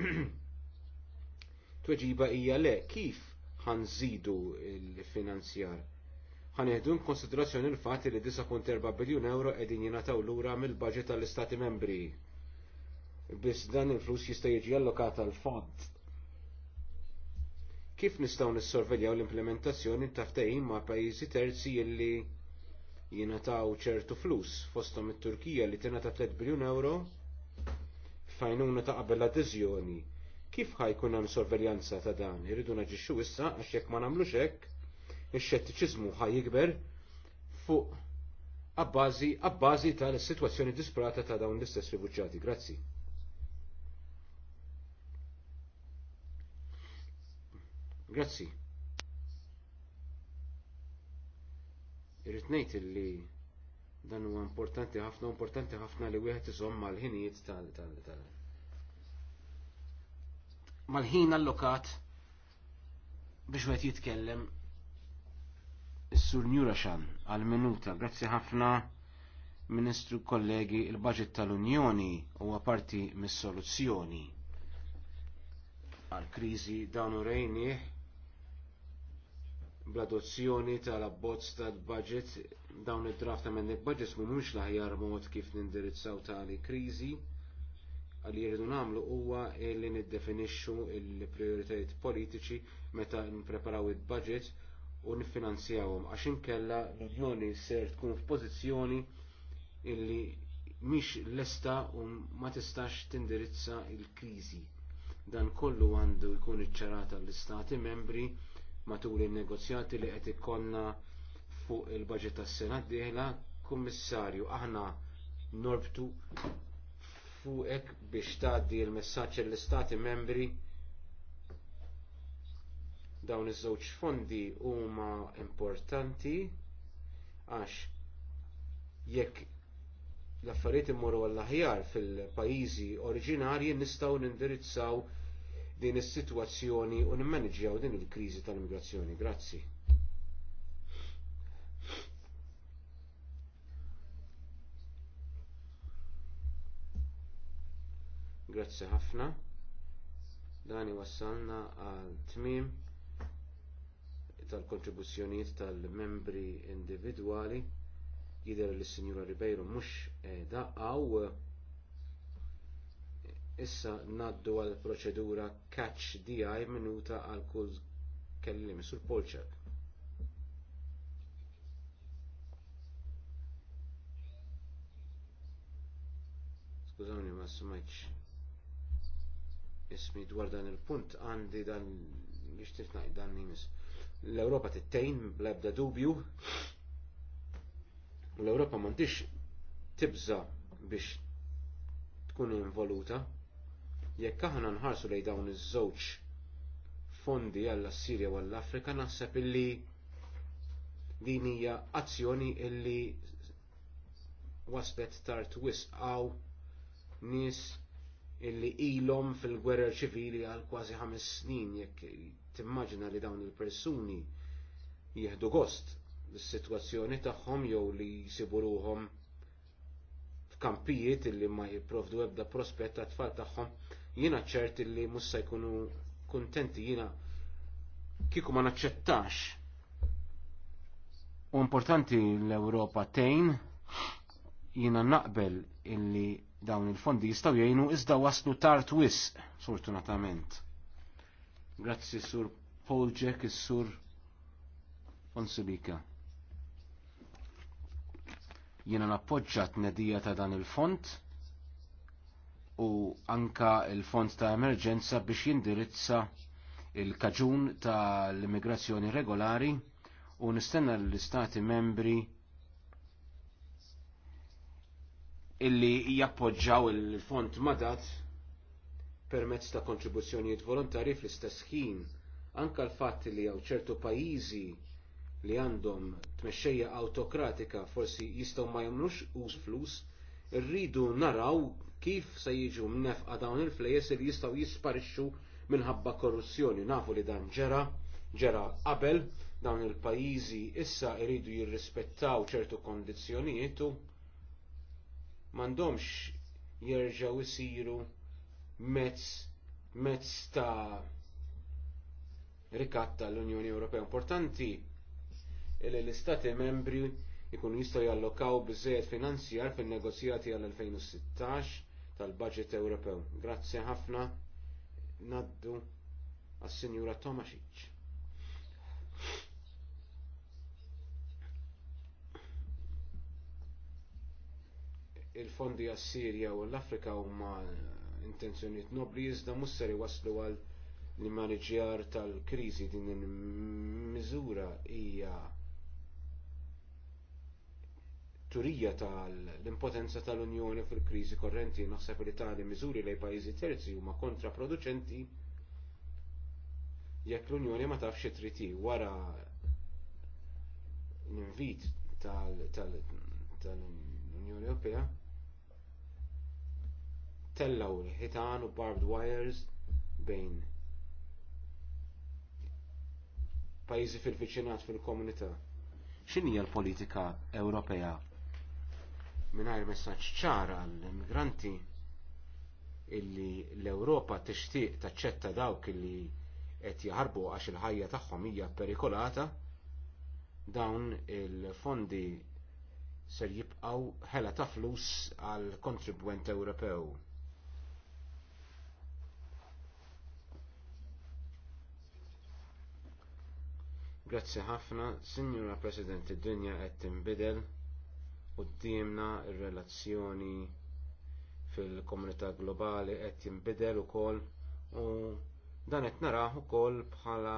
<clears throat> Tweġiba hija le kif ħanżidu l-finanzjar. Ħanieħdu konsiderazzjoni l fat li 9.4 biljun euro qegħdin jingħataw lura mill-baġġet tal-Istati Membri. Biss dan il-flus jista' jiġi allokata għal fond Kif nistgħu nissorveljaw l-implementazzjoni ta' ftehim ma' pajjiżi terzi illi jingħataw ċertu flus fosthom it-Turkija li tingħata 3 biljun euro f'għajnuna ta' qabel adeżjoni. Kif ħajkun hemm sorveljanza ta' dan? Irridu naġixxu issa għax jekk ma nagħmlux hekk, ix-xettiċiżmu ħajjikber fuq abbażi abbażi tal-sitwazzjoni disparata ta' dawn l-istess rifuġġati. Grazzi. Grazzi. Irrid li dan huwa importanti ħafna importanti ħafna li wieħed iżomm mal-ħinijiet tal tal tal mal-ħin allokat biex wieħed jitkellem is-Sur Njuraxan għal minuta grazzi ħafna Ministru kollegi il-budget tal-Unjoni huwa parti mis-soluzzjoni għal kriżi dawn u rejnieh bl-adozzjoni tal-abbozz tal-budget dawn id-draft amendment budgets mhumiex l-aħjar mod kif nindirizzaw tali kriżi għalli rridu nagħmlu huwa li niddefinixxu l-prijoritajiet politiċi meta npreparaw il-budget u niffinanzjawhom għax inkella l-Unjoni ser tkun f'pożizzjoni illi mhix lesta u ma tistax tindirizza l kriżi Dan kollu għandu jkun iċċarata l-istati membri matul il-negozjati li qed ikollna fuq il-budget tas-sena d-dieħla, kummissarju, aħna norbtu fuqek biex tgħaddi l-messaġġ l-istati membri dawn iż-żewġ fondi huma importanti għax jekk l-affarijiet imorru għall aħjar fil-pajjiżi oriġinarji nistgħu nindirizzaw din is-sitwazzjoni u nimmaneġġjaw din il-kriżi tal-immigrazzjoni. Grazzi. Grazzi ħafna. Dani wassalna għal tmiem tal-kontribuzzjonijiet tal-membri individwali jidher li s-Sinjura Ribeiro mhux daqqaw Issa naddu għal proċedura catch DI minuta għal kull kellim sur polċak. Skużawni ma smajċ ismi dwar dan il-punt għandi dan nixtieq ngħid dan nimis. L-Ewropa tittejn bl-ebda dubju l-Ewropa m'għandix tibża biex tkun involuta Jekk aħna nħarsu lejn dawn iż-żewġ fondi għall sirja u għall-Afrika naħseb illi din hija azzjoni illi waslet tard wisqaw nies illi ilhom fil-gwerer ċivili għal kważi ħames snin jekk timmaġina li dawn il-persuni jieħdu gost bis-sitwazzjoni tagħhom jew li jsibu ruhom f'kampijiet illi ma jipprovdu ebda prospett għat tfal tagħhom jina ċerti li mussa jkunu kuntenti jiena kieku ma naċċettax. U importanti l-Ewropa tejn jiena naqbel illi dawn il-fondi jistgħu jgħinu iżda waslu tard wisq fortunatament. Grazzi sur Paul Jack is sur Fonsilika. Jiena nappoġġat nedija ta' dan il-fond u anka il-fond ta' emerġenza biex jindirizza il-kaġun tal-immigrazzjoni regolari u nistenna l-istati membri illi jappoġġaw il fond madat permezz ta' kontribuzzjonijiet volontari fl-istess ħin anka l-fatt li għaw ċertu pajjiżi li għandhom tmexxejja awtokratika forsi jistgħu ma jagħmlux uż flus irridu naraw kif se jiġu mnefqa dawn il-flejes li jistgħu jisparixxu minħabba korruzzjoni. Nafu li dan ġera, ġera qabel, dawn il-pajjiżi issa jridu jirrispettaw ċertu kondizzjonijiet u m'għandhomx jerġgħu isiru mezz mezz ta' rikatta tal-Unjoni Ewropea. Importanti li l-Istati membri jkunu jistgħu jallokaw biżżejjed finanzjar fin-negozjati għal 2016 tal-budget Ewropew. Grazzi ħafna naddu għas-Sinjura Tomasic. Il-fondi għas-Sirja u l-Afrika huma intenzjonijiet nobli iżda musser waslu għal l-maniġjar tal-kriżi din il-miżura hija turija tal-impotenza tal-Unjoni fil-kriżi korrenti naħseb li tali miżuri lejn pajjiżi terzi huma kontraproduċenti jekk l-Unjoni ma tafx triti wara l-invit tal-Unjoni Ewropea tellaw il-ħitan u barbed wires bejn pajjiżi fil-viċinat fil-komunità x'inhi l-politika Ewropea mingħajr messaġġ ċar għall-immigranti illi l-Ewropa tixtieq taċċetta dawk illi qed jaħarbu għax il-ħajja tagħhom hija perikolata dawn il-fondi ser jibqgħu ħela ta' flus għall kontribwent Ewropew. Grazzi ħafna, Signora President, id-dinja qed tinbidel quddiemna ir-relazzjoni fil-komunità globali qed jinbidel ukoll u dan qed narah ukoll bħala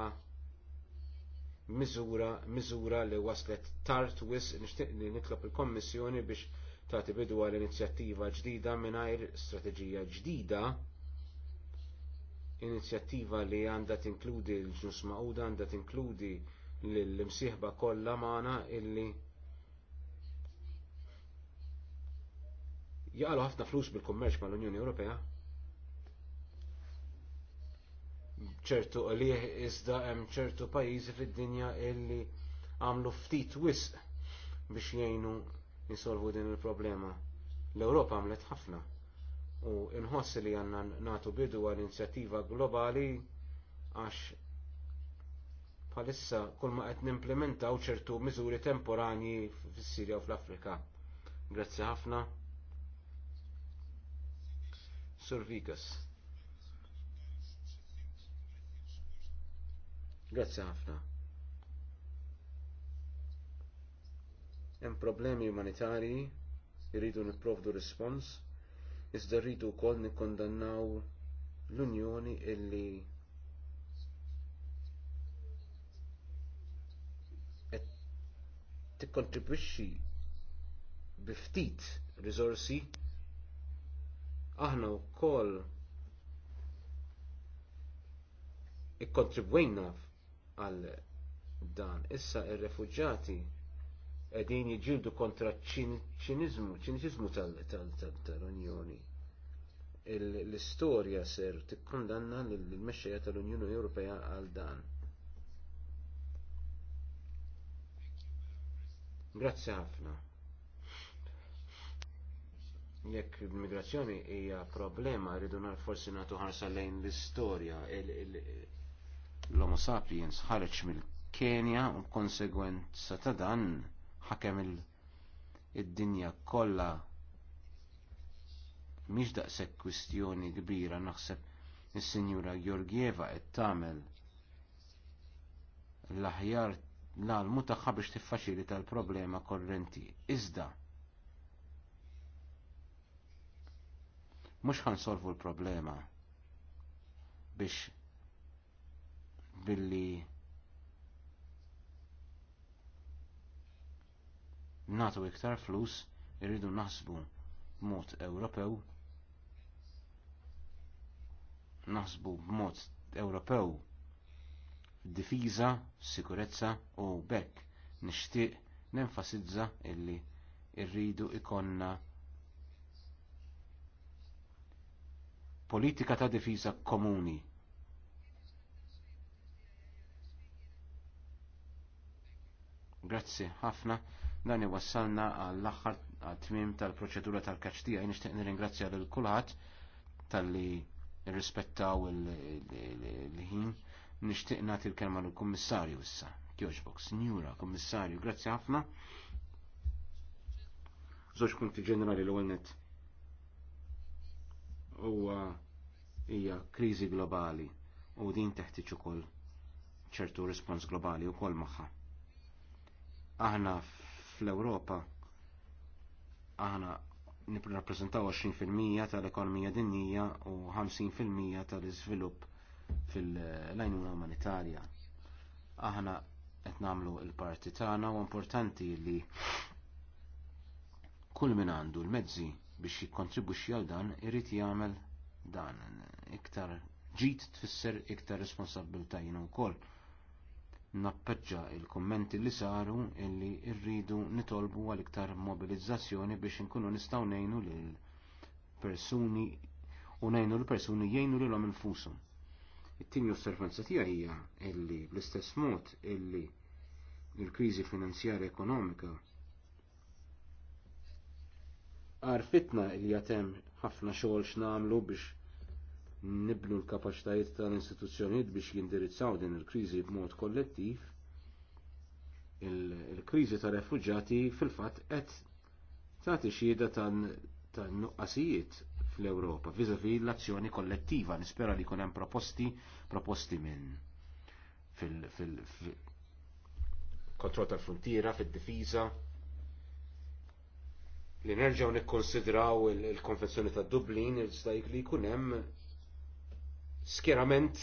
miżura miżura li waslet tard wisq nixtieq li nitlob il-Kommissjoni biex tagħti bidu għal inizjattiva ġdida mingħajr strateġija ġdida inizjattiva li għandha tinkludi l-ġnus maquda għandha tinkludi lill imsieħba kollha magħna illi jaqalu ħafna flus bil-kummerċ mal-Unjoni Ewropea. ċertu li iżda hemm ċertu pajjiżi fid-dinja illi għamlu ftit wisq biex jgħinu nisolvu din il-problema. L-Ewropa għamlet ħafna u nħoss li għandna nagħtu bidu għal inizjattiva globali għax bħalissa kull ma qed nimplementaw ċertu miżuri temporani fis-Sirja u fl-Afrika. Grazzi ħafna. Sur Grazie ħafna. Hemm problemi umanitarji irridu nipprovdu rispons, iżda rridu wkoll nikkondannaw l-Unjoni illi tikkontribwixxi bi ftit riżorsi Aħna wkoll ikkontribwejna għal dan. Issa r refuġati qegħdin jiġildu kontra ċiniżmu, ċiniżmu tal-Unjoni. L-istorja ser tikkondanna l-mexxejja tal-Unjoni Ewropea għal dan. Grazzi ħafna jekk l-immigrazzjoni hija problema rridu nar forsi nagħtu ħarsa lejn l-istorja l-Homo sapiens ħareġ mill-Kenja u konsegwenza ta' dan ħakem id-dinja kollha mhix daqshekk kwistjoni kbira naħseb is-Sinjura Georgieva qed tagħmel l-aħjar l-almu tagħha biex tiffaċilita l-problema korrenti. Iżda, mhux ħansolvu l-problema biex billi natu iktar flus irridu naħsbu b'mod Ewropew naħsbu b'mod Ewropew difiża, sikurezza u bekk nixtieq nenfasizza illi rridu ikonna politika ta' difiża komuni. Grazzi ħafna dan iwassalna għall-aħħar għat-tmim tal-proċedura tal-kaċtija. Nixtieq nirringrazzja lil kulħadd tal-li rispettaw il-ħin. Nixtieq nagħti l-kelma l kummissarju issa. Kjoġbox, Njura, Kummissarju, grazzi ħafna. Żewġ punti ġenerali l għolnet huwa hija kriżi globali u din teħtieġ ukoll ċertu rispons globali wkoll magħha. Aħna fl-Ewropa aħna nirrappreżentaw 20% tal-ekonomija dinjija u 50% tal-iżvilupp fil-lajnuna umanitarja. Aħna qed nagħmlu l-parti tagħna u importanti li kull min għandu l-mezzi biex jikkontribwixxi għal dan irid jagħmel dan iktar ġid tfisser iktar responsabbilta u koll. Nappeġġa l kummenti li saru illi rridu nitolbu għal iktar mobilizzazzjoni biex inkunu nistgħu ngħinu l persuni u ngħinu l persuni jgħinu lilhom infushom. It-tieni osservanza tiegħi hija illi bl-istess mod illi l-kriżi finanzjarja ekonomika Arfitna li jatem ħafna xogħol x'namlu biex nibnu l-kapaċitajiet tal-istituzzjonijiet biex jindirizzaw din il-kriżi b'mod kollettiv. Il-kriżi tar refuġjati fil-fatt qed tagħti xhieda tan-nuqqasijiet fl-Ewropa viżavi l-azzjoni kollettiva nispera li jkun hemm proposti proposti minn fil, fil, fil kontroll tal fruntiera fid-difiża, li nerġaw nikkonsidraw il konfessjoni ta' Dublin il-stajk li jkun hemm skjerament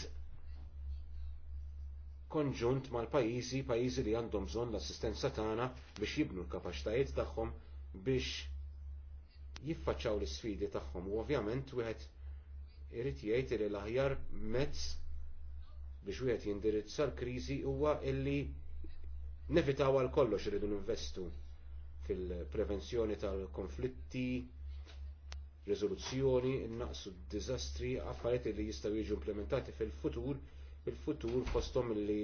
konġunt mal-pajjiżi, pajjiżi li għandhom bżonn l-assistenza tagħna biex jibnu l-kapaċitajiet tagħhom biex jiffaċċaw l-isfidi tagħhom u ovvjament wieħed irid jgħid li l-aħjar mezz biex wieħed jindirizza l-kriżi huwa illi nevitaw għal kollox iridu investu fil-prevenzjoni tal-konflitti, rezoluzzjoni, naqsu d-diżastri, affarijiet li jistgħu jiġu implementati fil-futur, fil-futur fosthom li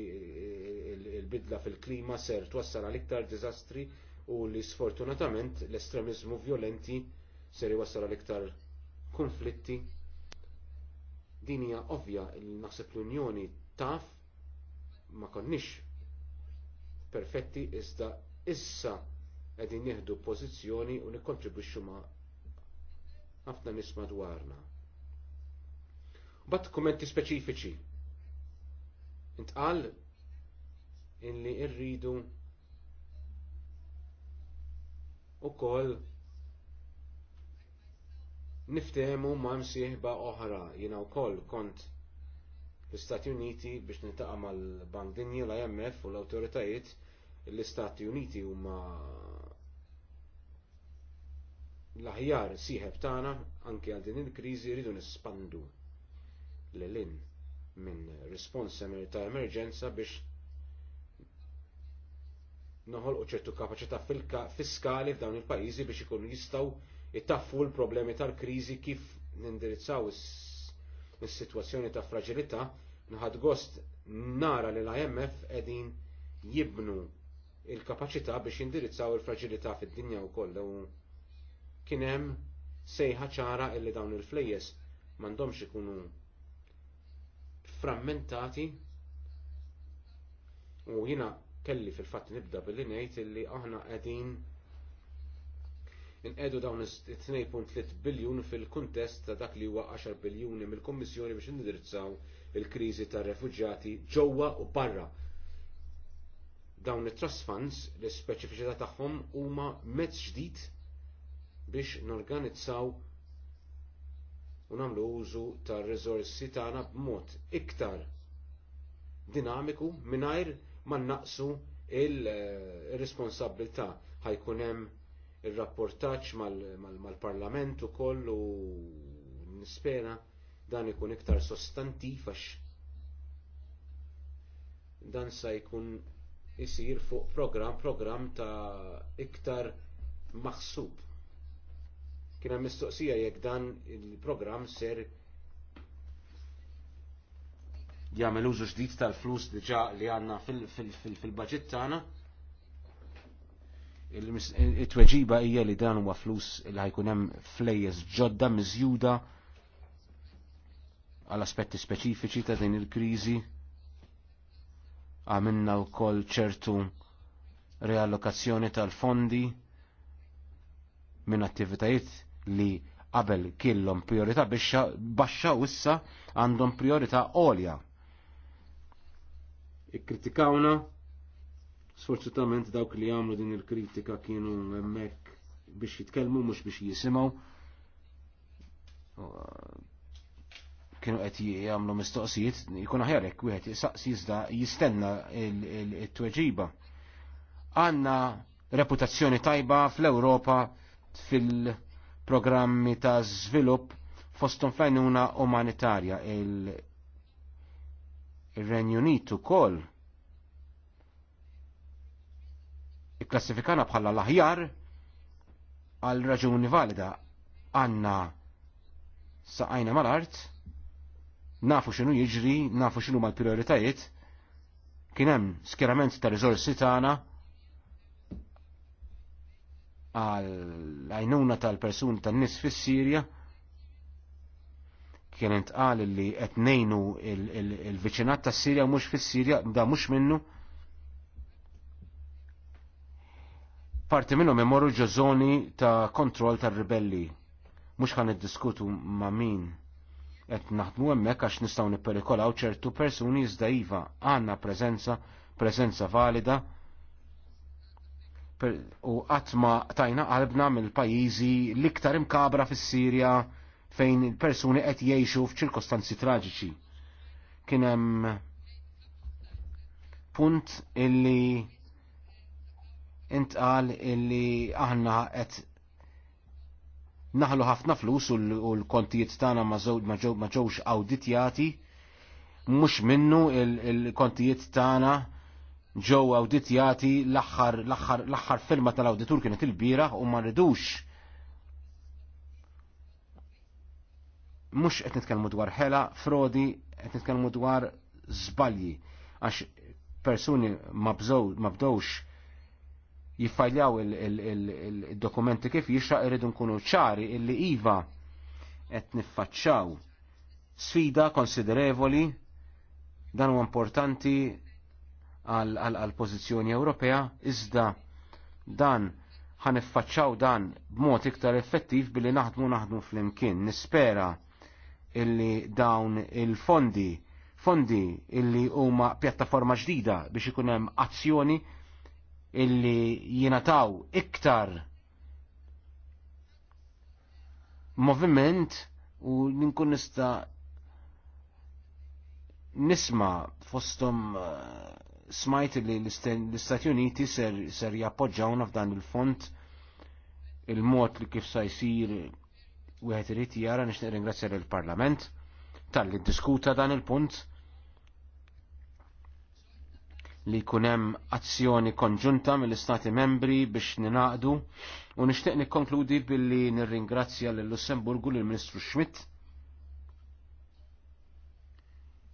l-bidla fil-klima ser twassal għal iktar diżastri u li sfortunatament l estremiżmu vjolenti ser iwassal għal iktar konflitti. Din hija ovvja li naħseb l-Unjoni taf ma konniex perfetti iżda issa qegħdin nieħdu pożizzjoni u nikkontribwixxu ma' ħafna nies madwarna. Bat kummenti speċifiċi. Intqal li rridu ukoll niftehmu ma' msieħba oħra jiena wkoll kont l-Istati Uniti biex niltaqa' mal-Bank Dinji l-IMF u l-awtoritajiet l-Istati Uniti huma l-aħjar siħeb tagħna anke għal din il-kriżi rridu nispandu l-lin minn respons ta' emerġenza biex noħolqu ċertu kapaċità fiskali f'dawn il-pajjiżi biex ikunu jistgħu jtaffu l-problemi tal-kriżi kif nindirizzaw is-sitwazzjoni ta' fraġilità naħad gost nara li l-IMF qegħdin jibnu l kapaċità biex jindirizzaw il-fraġilità fid-dinja wkoll kien hemm sejħa ċara illi dawn il-flejjes m'għandhomx ikunu frammentati u jina kelli fil-fatt nibda billi ngħid illi aħna qegħdin inqedu dawn 2.3 biljun fil-kuntest ta' dak li huwa 10 biljuni mill-Kummissjoni biex indirizzaw il-kriżi tar-refuġjati ġewwa u barra. Dawn it-trust funds l-ispeċifiċità tagħhom huma mezz ġdid biex norganizzaw u nagħmlu użu tar-riżorsi tagħna b'mod iktar dinamiku mingħajr ma naqsu il-responsabilità eh, ħajkun hemm ir-rapportaġġ mal-Parlament ukoll u nispera dan ikun iktar sostantiv għax dan se jkun isir fuq programm programm ta' iktar maħsub Kien hemm mistoqsija jekk dan il-programm ser jagħmel użu ġdid tal-flus diġà li għandna fil-baġit tagħna. it tweġiba hija li dan huwa flus li ħajkun hemm flejjes ġodda miżjuda għal aspetti speċifiċi ta' din il-kriżi għamilna wkoll ċertu reallokazzjoni tal-fondi minn attivitajiet li qabel kellhom priorità biex baxxa u issa għandhom priorità għolja. Ikkritikawna sfortunatament dawk li għamlu din il-kritika kienu hemmhekk biex jitkellmu mhux biex jisimgħu. Kienu qed jagħmlu mistoqsijiet, jkun aħjar hekk wieħed jisaqsi iżda jistenna t-tweġiba. Għandna reputazzjoni tajba fl-Ewropa fil- programmi ta' żvilupp fostom fejnuna umanitarja il-Renju Unitu kol ikklassifikana bħala l-aħjar għal raġuni valida għanna saqajna mal-art nafu xinu jiġri, nafu xinu mal-prioritajiet kienem skjerament ta' rizorsi tagħna għal għajnuna tal-persun tan-nis fis-Sirja kienet intqal li qed ngħinu il-viċinat tas-Sirja mhux fis-Sirja da mhux minnu. Parti minnhom imorru ġozoni ta' kontroll tar-ribelli. Mhux ħan iddiskutu ma' min qed naħdmu hemmhekk għax nistgħu nipperikolaw ċertu persuni iżda iva għandna prezenza, preżenza valida u għatma tajna qalbna mill-pajizi l-iktar imkabra fis sirja fejn il-persuni qed jgħixu f'ċirkostanzi traġiċi. Kien hemm punt illi intqal illi aħna qed naħlu ħafna flus u l-kontijiet tagħna ma ġewx awditjati mhux minnu il-kontijiet tagħna ġew awditjati l-aħħar l-aħħar l firma tal-awditur kienet il-bira u ma rridux mhux qed nitkellmu dwar ħela, frodi, qed nitkellmu dwar żbalji għax persuni ma bdowx jiffajljaw il-dokumenti kif jixraq irridu nkunu ċari illi iva qed niffaċċaw sfida konsiderevoli dan huwa importanti għal pożizzjoni Ewropea iżda dan ħaniffaċċaw dan b'mod iktar effettiv billi naħdmu naħdmu fl-imkien. Nispera illi dawn il-fondi, fondi illi huma pjattaforma ġdida biex ikun hemm azzjoni illi jinataw iktar moviment u ninkun nista nisma fostom eh, smajt li l-Istati Uniti ser, ser jappoġġawna f'dan il-font il-mod li kif sa jsir wieħed irid jara nix ringrazzja lill-Parlament tal-li diskuta dan il-punt li jkun hemm azzjoni konġunta mill-Istati membri biex ninaqdu u nixtieq nikkonkludi billi nirringrazzja lill lussemburgu lill ministru Schmidt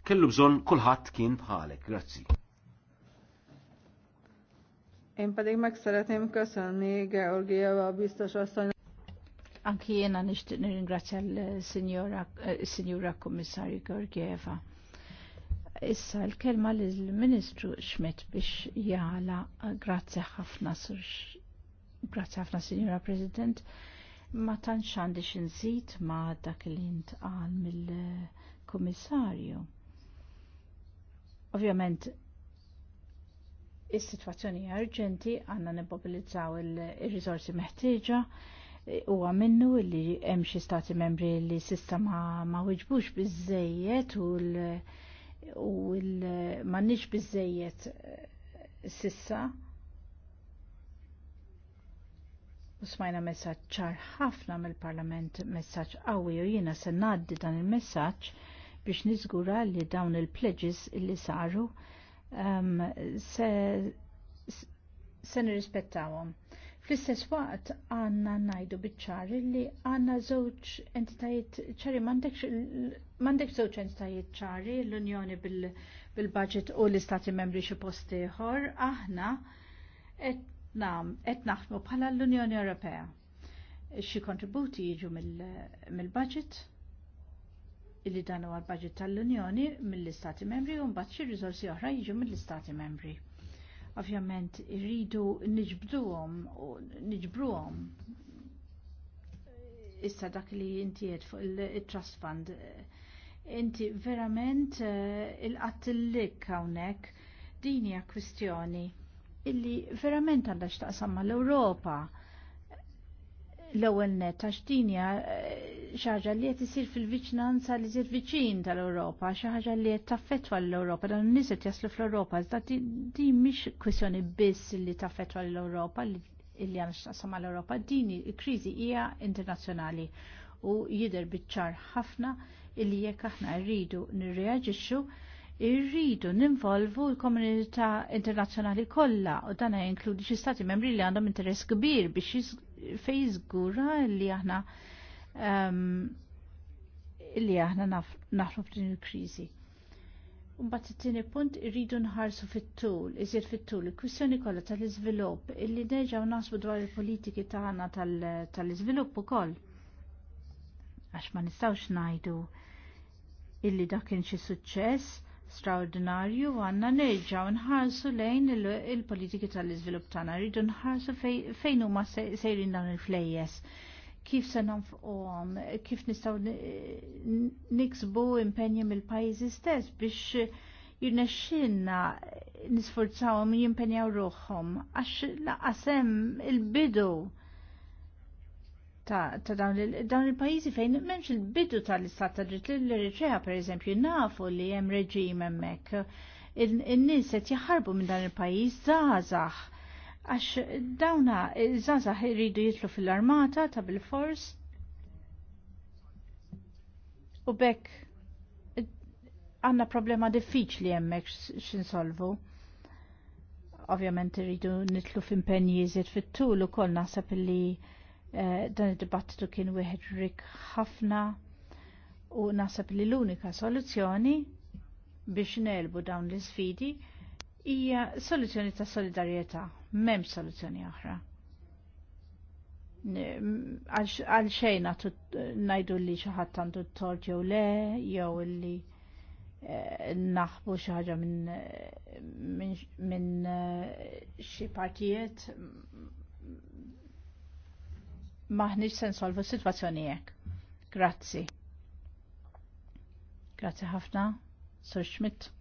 kellu bżonn kulħadd kien bħalek. Grazzi. Én pedig meg szeretném köszönni Georgieva biztos asszony. Anki én a nirringrazzja l-Sinjura eh, Kommissarju Georgieva. Issa l-kelma l-Ministru Schmidt biex jala grazie ħafna sur grazie ħafna Sinjura President ma tantx għandi xinżid ma dak li intqal mill-Kummissarju. Ovvjament Is-sitwazzjoni arġenti għandna nibbobilizzaw il rizorsi meħtieġa u minnu li hemm xi stati membri li sista ma wiġbux biżejjed u l m'għandniex biżejjed eh, sissa. U smajna messaċ ċar ħafna mill-Parlament messaġġ qawwi u jiena se ngħaddi dan il-messaġġ biex niżgura li dawn il-pledges li saru um, se, se nirrispettawhom. Fl-istess waqt għanna najdu bitċar li għanna zoċ entitajiet ċari, mandek zoċ entitajiet ċari l-Unjoni bil-budget u l-Istati membri xie postiħor, aħna et naħdmu bħala l-Unjoni Ewropea. Xie kontributi jiġu mill-budget illi dan huwa l-budget tal-Unjoni mill-Istati Membri u mbagħad xi riżorsi oħra jiġu mill-Istati Membri. Ovvjament irridu niġbduhom u niġbruhom. Issa dak li inti fuq il-Trust Fund. Inti verament eh, il-qatt hawnhekk din hija kwistjoni illi verament għandha x'taqsam mal-Ewropa l-ewwel net għax din hija eh, xaħġa li qed isir fil-viċinanza li jisir viċin tal-Ewropa, xi ħaġa li qed taffettwa l europa dan niset jaslu fl-Ewropa, iżda din mhix kwisjoni biss li taffettwa l-Ewropa li għandna x'taqsam mal europa din il-kriżi hija internazzjonali u jidher biċ-ċar ħafna illi jekk aħna rridu nirreaġixxu irridu ninvolvu l-komunità internazzjonali kollha u dan jinkludi xi stati membri li għandhom interess kbir biex fejn li aħna Um, illi aħna naħru f'din il-kriżi. Mbagħad it-tieni punt irridu nħarsu fit-tul, iżjed fit-tul, il-kwistjoni kollha tal-iżvilupp illi nerġgħu naħsbu dwar il-politiki tagħna tal-iżvilupp ukoll. Għax ma nistgħux ngħidu illi dak kien xi suċċess straordinarju għandna nerġgħu nħarsu lejn il-politiki tal-iżvilupp tagħna, rridu nħarsu fejn huma sejrin dawn il-flejjes kif se nanfqom, kif nistaw niksbu impenja mill-pajjiżi stess biex jirnexxinna nisforzawhom jimpenjaw ruħhom għax laqasem il-bidu ta', ta dawn il-pajjiżi fejn m'hemmx il-bidu tal-istat ta' dritt l-Eritrea pereżempju nafu li hemm reġim hemmhekk in-nies qed jaħarbu minn dan il-pajjiż żgħażagħ għax dawna zaza iridu jitlu fil-armata ta' bil-fors u bekk għanna problema diffiċli jemmek xinsolvu. Ovvjament iridu nitlu f'impenji fit-tul u kol nasab li eh, dan id-dibattitu kien wieħed rik ħafna u naħseb li l-unika soluzzjoni biex nelbu dawn l-sfidi hija soluzzjoni ta' solidarjetà mem soluzzjoni oħra. Għal xejn najdu li xaħat għandu t-tort jew le, jew li e, naħbu xaħġa minn e, xi partijiet maħniġ sen solvu situazzjoni jek. Grazzi. Grazzi ħafna, Sir Schmidt.